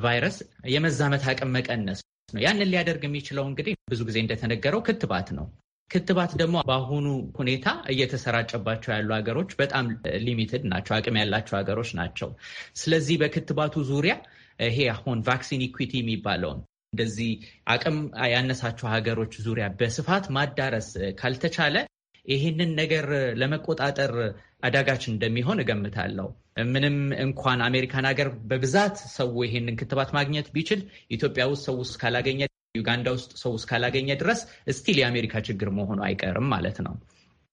ቫይረስ የመዛመት አቅም መቀነስ ነው። ያንን ሊያደርግ የሚችለው እንግዲህ ብዙ ጊዜ እንደተነገረው ክትባት ነው። ክትባት ደግሞ በአሁኑ ሁኔታ እየተሰራጨባቸው ያሉ ሀገሮች በጣም ሊሚትድ ናቸው፣ አቅም ያላቸው ሀገሮች ናቸው። ስለዚህ በክትባቱ ዙሪያ ይሄ አሁን ቫክሲን ኢኩዊቲ የሚባለውን እንደዚህ አቅም ያነሳቸው ሀገሮች ዙሪያ በስፋት ማዳረስ ካልተቻለ ይህንን ነገር ለመቆጣጠር አዳጋች እንደሚሆን እገምታለሁ። ምንም እንኳን አሜሪካን ሀገር በብዛት ሰው ይሄንን ክትባት ማግኘት ቢችል ኢትዮጵያ ውስጥ ሰው ካላገኘ ዩጋንዳ ውስጥ ሰው እስካላገኘ ድረስ እስቲል የአሜሪካ ችግር መሆኑ አይቀርም ማለት ነው።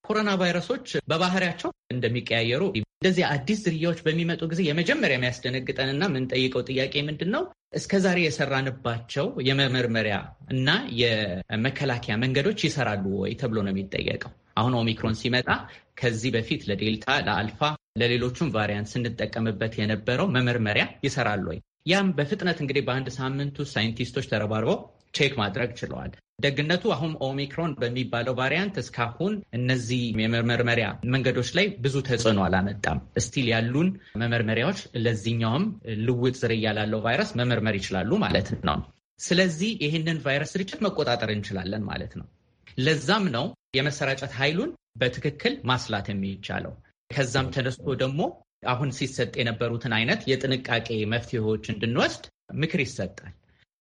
ኮሮና ቫይረሶች በባህሪያቸው እንደሚቀያየሩ እንደዚህ አዲስ ዝርያዎች በሚመጡ ጊዜ የመጀመሪያ የሚያስደነግጠንና የምንጠይቀው ጥያቄ ምንድን ነው? እስከ ዛሬ የሰራንባቸው የመመርመሪያ እና የመከላከያ መንገዶች ይሰራሉ ወይ ተብሎ ነው የሚጠየቀው። አሁን ኦሚክሮን ሲመጣ ከዚህ በፊት ለዴልታ፣ ለአልፋ፣ ለሌሎቹም ቫሪያንት ስንጠቀምበት የነበረው መመርመሪያ ይሰራል ወይ? ያም በፍጥነት እንግዲህ በአንድ ሳምንቱ ሳይንቲስቶች ተረባርበው ቼክ ማድረግ ችለዋል። ደግነቱ አሁን ኦሚክሮን በሚባለው ቫሪያንት እስካሁን እነዚህ የመመርመሪያ መንገዶች ላይ ብዙ ተጽዕኖ አላመጣም። እስቲል ያሉን መመርመሪያዎች ለዚህኛውም ልውጥ ዝርያ ላለው ቫይረስ መመርመር ይችላሉ ማለት ነው። ስለዚህ ይህንን ቫይረስ ስርጭት መቆጣጠር እንችላለን ማለት ነው። ለዛም ነው የመሰራጨት ኃይሉን በትክክል ማስላት የሚቻለው ከዛም ተነስቶ ደግሞ አሁን ሲሰጥ የነበሩትን አይነት የጥንቃቄ መፍትሄዎች እንድንወስድ ምክር ይሰጣል።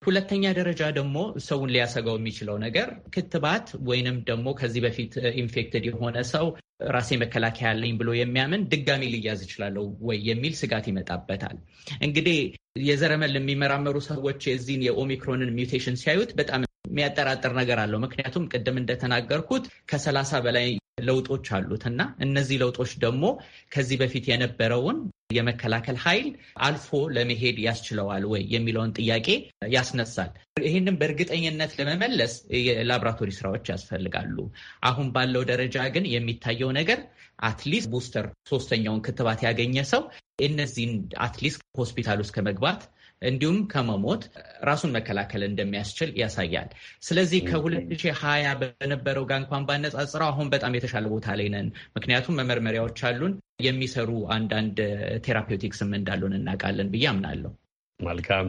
ሁለተኛ ደረጃ ደግሞ ሰውን ሊያሰጋው የሚችለው ነገር ክትባት ወይንም ደግሞ ከዚህ በፊት ኢንፌክትድ የሆነ ሰው ራሴ መከላከያ ያለኝ ብሎ የሚያምን ድጋሚ ልያዝ ይችላለሁ ወይ የሚል ስጋት ይመጣበታል። እንግዲህ የዘረመል የሚመራመሩ ሰዎች የዚህን የኦሚክሮንን ሚውቴሽን ሲያዩት በጣም የሚያጠራጥር ነገር አለው። ምክንያቱም ቅድም እንደተናገርኩት ከሰላሳ በላይ ለውጦች አሉት እና እነዚህ ለውጦች ደግሞ ከዚህ በፊት የነበረውን የመከላከል ኃይል አልፎ ለመሄድ ያስችለዋል ወይ የሚለውን ጥያቄ ያስነሳል። ይህንም በእርግጠኝነት ለመመለስ የላብራቶሪ ስራዎች ያስፈልጋሉ። አሁን ባለው ደረጃ ግን የሚታየው ነገር አትሊስት ቡስተር ሶስተኛውን ክትባት ያገኘ ሰው እነዚህን አትሊስት ሆስፒታል ውስጥ ከመግባት እንዲሁም ከመሞት ራሱን መከላከል እንደሚያስችል ያሳያል። ስለዚህ ከ2020 በነበረው ጋር እንኳን ባነጻጽረው አሁን በጣም የተሻለ ቦታ ላይ ነን። ምክንያቱም መመርመሪያዎች አሉን፣ የሚሰሩ አንዳንድ ቴራፒውቲክስም እንዳሉን እናውቃለን ብዬ አምናለሁ። መልካም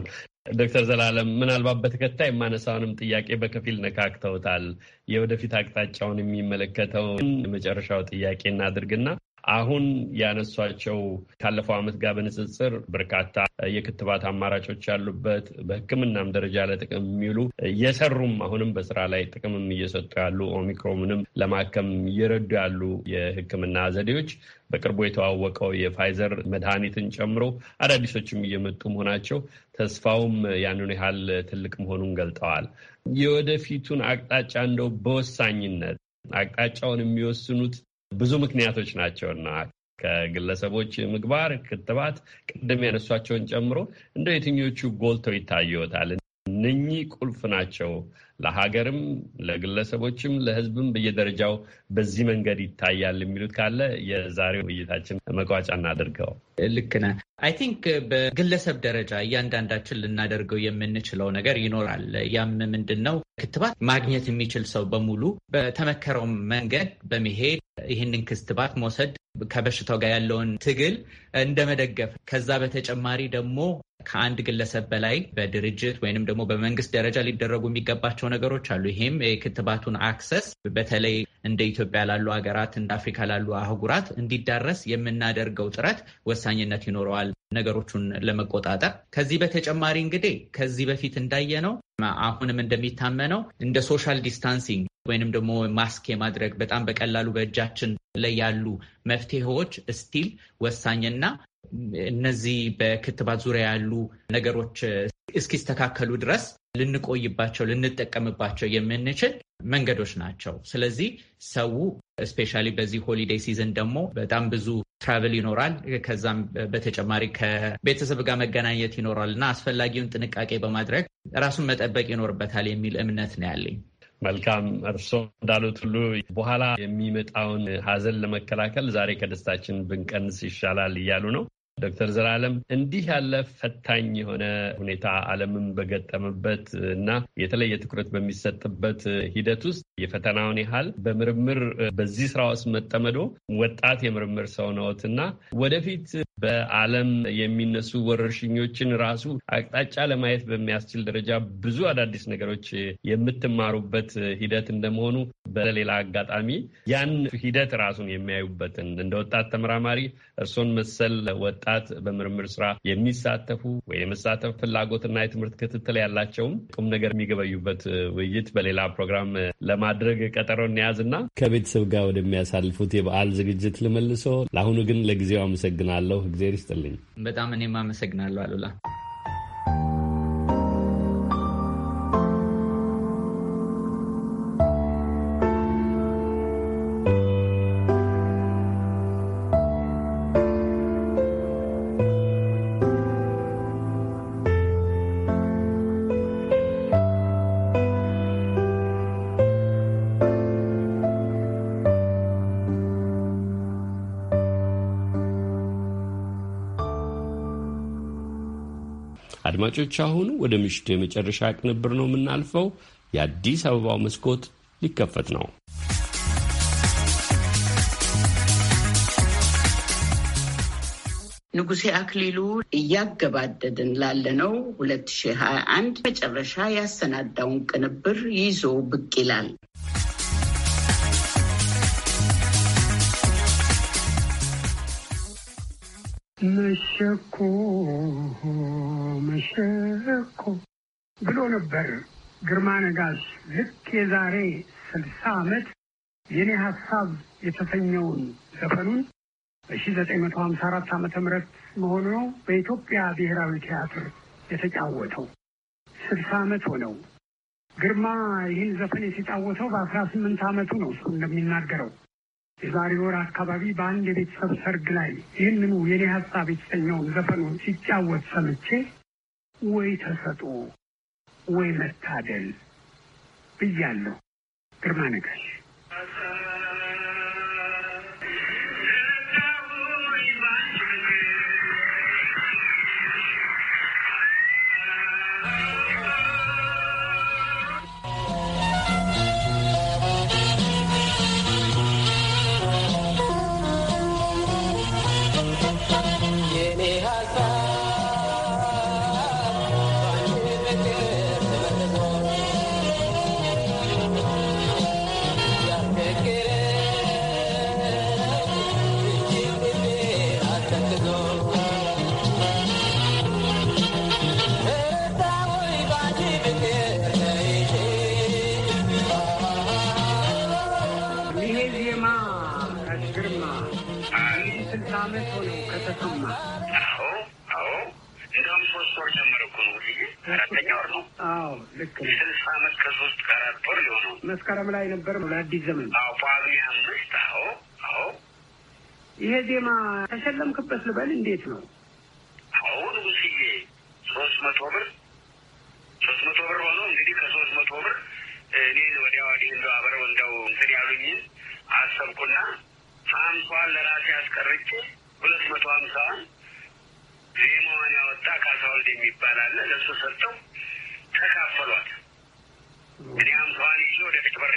ዶክተር ዘላለም ምናልባት በተከታይ የማነሳውንም ጥያቄ በከፊል ነካክተውታል። የወደፊት አቅጣጫውን የሚመለከተውን የመጨረሻው ጥያቄ እናድርግና አሁን ያነሷቸው ካለፈው ዓመት ጋር በንጽጽር በርካታ የክትባት አማራጮች ያሉበት በሕክምናም ደረጃ ለጥቅም የሚውሉ የሰሩም አሁንም በስራ ላይ ጥቅምም እየሰጡ ያሉ ኦሚክሮንንም ለማከም እየረዱ ያሉ የሕክምና ዘዴዎች በቅርቡ የተዋወቀው የፋይዘር መድኃኒትን ጨምሮ አዳዲሶችም እየመጡ መሆናቸው ተስፋውም ያንን ያህል ትልቅ መሆኑን ገልጠዋል። የወደፊቱን አቅጣጫ እንደው በወሳኝነት አቅጣጫውን የሚወስኑት ብዙ ምክንያቶች ናቸውና ከግለሰቦች ምግባር፣ ክትባት፣ ቅድም ያነሷቸውን ጨምሮ እንደ የትኞቹ ጎልተው ይታየዎታል? እነኚህ ቁልፍ ናቸው። ለሀገርም፣ ለግለሰቦችም፣ ለህዝብም በየደረጃው በዚህ መንገድ ይታያል የሚሉት ካለ የዛሬው ውይይታችን መቋጫ እናድርገው። ልክ ነህ። አይ ቲንክ በግለሰብ ደረጃ እያንዳንዳችን ልናደርገው የምንችለው ነገር ይኖራል። ያም ምንድን ነው? ክትባት ማግኘት የሚችል ሰው በሙሉ በተመከረው መንገድ በመሄድ ይህንን ክትባት መውሰድ ከበሽታው ጋር ያለውን ትግል እንደመደገፍ ከዛ በተጨማሪ ደግሞ ከአንድ ግለሰብ በላይ በድርጅት ወይንም ደግሞ በመንግስት ደረጃ ሊደረጉ የሚገባቸው ነገሮች አሉ። ይህም የክትባቱን አክሰስ በተለይ እንደ ኢትዮጵያ ላሉ ሀገራት እንደ አፍሪካ ላሉ አህጉራት እንዲዳረስ የምናደርገው ጥረት ወሳኝነት ይኖረዋል ነገሮቹን ለመቆጣጠር። ከዚህ በተጨማሪ እንግዲህ ከዚህ በፊት እንዳየነው አሁንም እንደሚታመነው እንደ ሶሻል ዲስታንሲንግ ወይንም ደግሞ ማስክ የማድረግ በጣም በቀላሉ በእጃችን ላይ ያሉ መፍትሄዎች እስቲል ወሳኝና እነዚህ በክትባት ዙሪያ ያሉ ነገሮች እስኪስተካከሉ ድረስ ልንቆይባቸው ልንጠቀምባቸው የምንችል መንገዶች ናቸው። ስለዚህ ሰው እስፔሻሊ በዚህ ሆሊዴይ ሲዝን ደግሞ በጣም ብዙ ትራቭል ይኖራል። ከዛም በተጨማሪ ከቤተሰብ ጋር መገናኘት ይኖራል እና አስፈላጊውን ጥንቃቄ በማድረግ ራሱን መጠበቅ ይኖርበታል የሚል እምነት ነው ያለኝ። መልካም እርስዎ እንዳሉት ሁሉ በኋላ የሚመጣውን ሀዘን ለመከላከል ዛሬ ከደስታችን ብንቀንስ ይሻላል እያሉ ነው። ዶክተር ዘላለም እንዲህ ያለ ፈታኝ የሆነ ሁኔታ ዓለምን በገጠመበት እና የተለየ ትኩረት በሚሰጥበት ሂደት ውስጥ የፈተናውን ያህል በምርምር በዚህ ስራ ውስጥ መጠመዶ ወጣት የምርምር ሰው ነዎት እና ወደፊት በዓለም የሚነሱ ወረርሽኞችን ራሱ አቅጣጫ ለማየት በሚያስችል ደረጃ ብዙ አዳዲስ ነገሮች የምትማሩበት ሂደት እንደመሆኑ በሌላ አጋጣሚ ያን ሂደት ራሱን የሚያዩበትን እንደ ወጣት ተመራማሪ እርሶን መሰል ወጣ ወጣት በምርምር ስራ የሚሳተፉ ወይ የመሳተፍ ፍላጎትና የትምህርት ክትትል ያላቸውም ቁም ነገር የሚገበዩበት ውይይት በሌላ ፕሮግራም ለማድረግ ቀጠሮ እንያዝና ከቤተሰብ ጋር ወደሚያሳልፉት የበዓል ዝግጅት ልመልሶ። ለአሁኑ ግን ለጊዜው አመሰግናለሁ። እግዜር ይስጥልኝ። በጣም እኔም አመሰግናለሁ አሉላ። አድማጮች፣ አሁን ወደ ምሽቱ የመጨረሻ ቅንብር ነው የምናልፈው። የአዲስ አበባው መስኮት ሊከፈት ነው። ንጉሴ አክሊሉ እያገባደድን ላለነው 2021 መጨረሻ ያሰናዳውን ቅንብር ይዞ ብቅ ይላል። መሸኮ መሸኮ ብሎ ነበር ግርማ ነጋሽ ልክ የዛሬ ስልሳ ዓመት የእኔ ሀሳብ የተሰኘውን ዘፈኑን በሺ ዘጠኝ መቶ ሀምሳ አራት ዓመተ ምህረት መሆኑ ነው በኢትዮጵያ ብሔራዊ ቲያትር የተጫወተው። ስልሳ ዓመት ሆነው። ግርማ ይህን ዘፈን የተጫወተው በአስራ ስምንት ዓመቱ ነው እሱ እንደሚናገረው የዛሬ ወር አካባቢ በአንድ የቤተሰብ ሰርግ ላይ ይህንኑ የኔ ሀሳብ የተሰኘውን ዘፈኑን ሲጫወት ሰምቼ ወይ ተሰጦ ወይ መታደል ብያለሁ። ግርማ ነጋሽ አመት ሆኖ ከተሰማ አዎ አዎ እንደውም ሶስት ወር እኮ ነው አራተኛ ወር ነው። አዎ ልክ ነው። ስልሳ አመት ከሶስት ከአራት ወር ሊሆነው መስከረም ላይ ነበር ለአዲስ ዘመን። አዎ ጳጉሜ አምስት አዎ አዎ። ይሄ ዜማ ተሸለምክበት ልበል እንዴት ነው? አዎ ንጉስዬ ሶስት መቶ ብር ሶስት መቶ ብር ሆኖ እንግዲህ ከሶስት መቶ ብር እኔ ወዲያ ወዲህ እንደው አብረው እንደው እንትን ያሉኝን አሰብኩና ሀምሳዋን ለራሴ ያስቀርቼ ሁለት መቶ ሀምሳዋን ዜማዋን ያወጣ ካሳወልድ የሚባል አለ። ለሱ ሰጠው፣ ተካፈሏት። እኔ ሀምሳዋን ይዤ ወደፊት በረ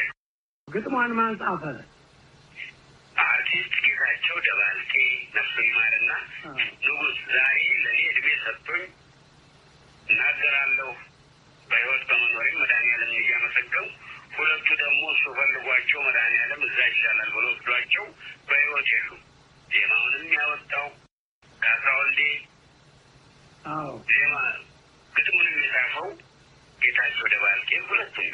ግጥሟን ማን ጻፈ? አርቲስት ጌታቸው ደባልቴ ነፍሱ ይማርና ንጉስ ዛሬ ለእኔ እድሜ ሰጥቶኝ እናገራለሁ በህይወት በመኖሬም መድኃኒዓለምን እያመሰገንኩ ሁለቱ ደግሞ እሱ ፈልጓቸው መድኃኒዓለም እዛ ይሻላል ብሎ ወስዷቸው በህይወት የሉ። ዜማውንም ያወጣው ከአስራ ወልዴ ዜማ ግጥሙን የጻፈው ጌታቸው ደባልቄ ሁለቱም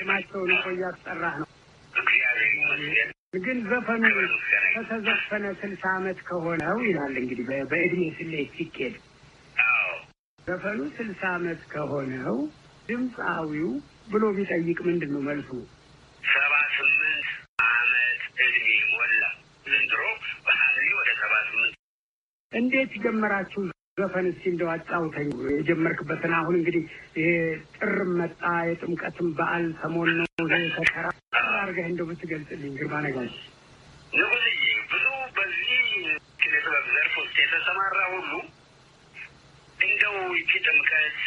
ስማቸውን ነው። እግዚአብሔር ግን ዘፈኑ ከተዘፈነ ስልሳ አመት ከሆነው ይላል እንግዲህ በእድሜ ስሌት ሲኬድ ዘፈኑ ስልሳ አመት ከሆነው ድምፃዊው ብሎ ቢጠይቅ ምንድን ነው መልሱ? ሰባ ስምንት አመት እድሜ ሞላ ዘንድሮ በሐምሌ ወደ ሰባ ስምንት እንዴት ጀመራችሁ? ዘፈን እስኪ እንደው አጫውተኝ የጀመርክበትን። አሁን እንግዲህ ጥርም መጣ የጥምቀትም በዓል ሰሞን ነው ተከራ አርገህ እንደው ብትገልጽልኝ ግርማ ነጋሽ። ንጉዝዬ። ብዙ በዚህ ኪነ ጥበብ ዘርፍ ውስጥ የተሰማራ ሁሉ እንደው ይቺ ጥምቀት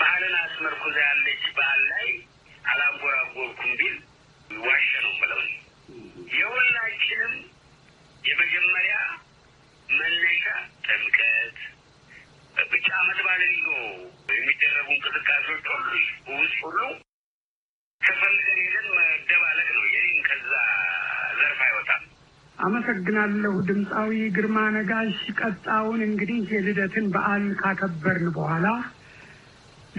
ባህልን አስመርኩዛ ያለች ባህል ላይ አላንጎራጎርኩም ቢል ዋሸ ነው ብለው የሁላችንም የመጀመሪያ መነሻ ጥምቀት ብቻ አመት ባለን ይዞ የሚደረጉ እንቅስቃሴዎች ሁሉ ውስጥ ሁሉ ተፈልገን ሄደን መደባለቅ ነው። ይህን ከዛ ዘርፍ አይወጣም። አመሰግናለሁ። ድምፃዊ ግርማ ነጋሽ፣ ቀጣውን እንግዲህ የልደትን በዓል ካከበርን በኋላ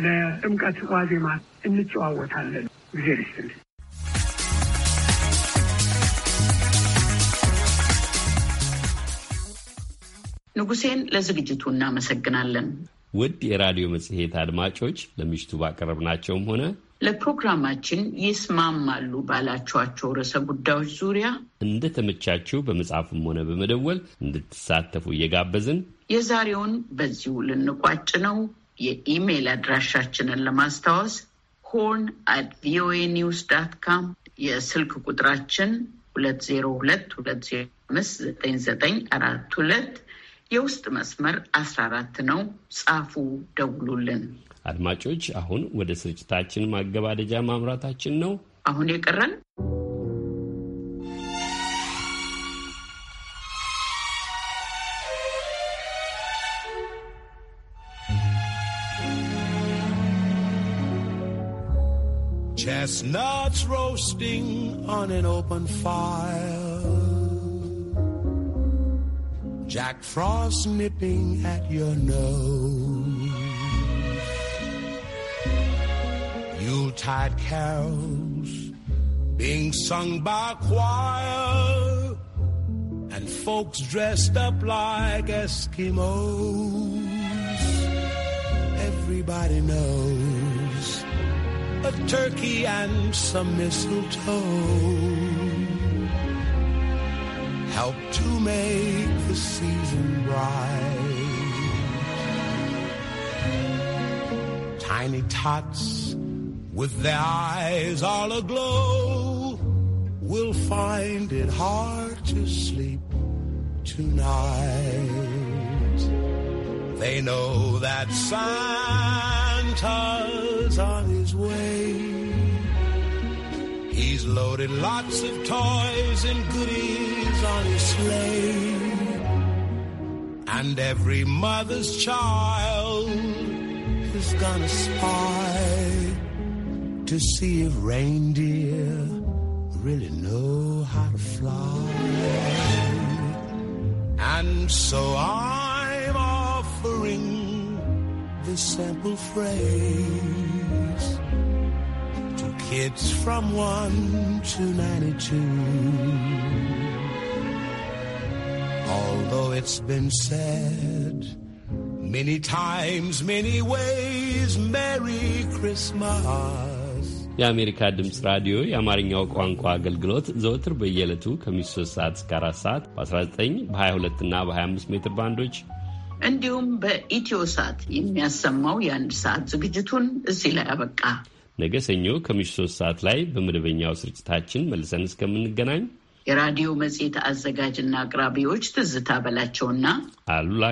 ለጥምቀት ዋዜማ እንጨዋወታለን። እግዜር ይስጥልኝ። ንጉሴን ለዝግጅቱ እናመሰግናለን። ውድ የራዲዮ መጽሔት አድማጮች ለምሽቱ ባቀረብናቸውም ሆነ ለፕሮግራማችን ይስማማሉ ባላችኋቸው ርዕሰ ጉዳዮች ዙሪያ እንደተመቻችሁ በመጻፍም ሆነ በመደወል እንድትሳተፉ እየጋበዝን የዛሬውን በዚሁ ልንቋጭ ነው። የኢሜይል አድራሻችንን ለማስታወስ ሆርን አት ቪኦኤ ኒውስ ዳት ካም፣ የስልክ ቁጥራችን ሁለት ዜሮ ሁለት ሁለት ዜሮ አምስት ዘጠኝ ዘጠኝ አራት ሁለት የውስጥ መስመር አስራ አራት ነው። ጻፉ፣ ደውሉልን። አድማጮች አሁን ወደ ስርጭታችን ማገባደጃ ማምራታችን ነው። አሁን የቀረን chestnuts roasting on an open fire, Jack Frost nipping at your nose, Yuletide carols being sung by choir, and folks dressed up like Eskimos. Everybody knows a turkey and some mistletoe. Help to make the season bright. Tiny tots with their eyes all aglow will find it hard to sleep tonight. They know that sign on his way. He's loaded lots of toys and goodies on his sleigh. And every mother's child is gonna spy to see if reindeer really know how to fly. And so I'm offering this simple phrase to kids from 1 to 92. Although it's been said many times, many ways, Merry Christmas. የአሜሪካ ድምፅ ራዲዮ የአማርኛው ቋንቋ አገልግሎት ዘወትር በየዕለቱ ከምሽቱ ሰዓት እስከ 4 ሰዓት በ19 በ22 እና በ25 ሜትር ባንዶች እንዲሁም በኢትዮ ሳት የሚያሰማው የአንድ ሰዓት ዝግጅቱን እዚህ ላይ አበቃ። ነገ ሰኞ ከምሽቱ ሶስት ሰዓት ላይ በመደበኛው ስርጭታችን መልሰን እስከምንገናኝ የራዲዮ መጽሔት አዘጋጅና አቅራቢዎች ትዝታ በላቸውና አሉላ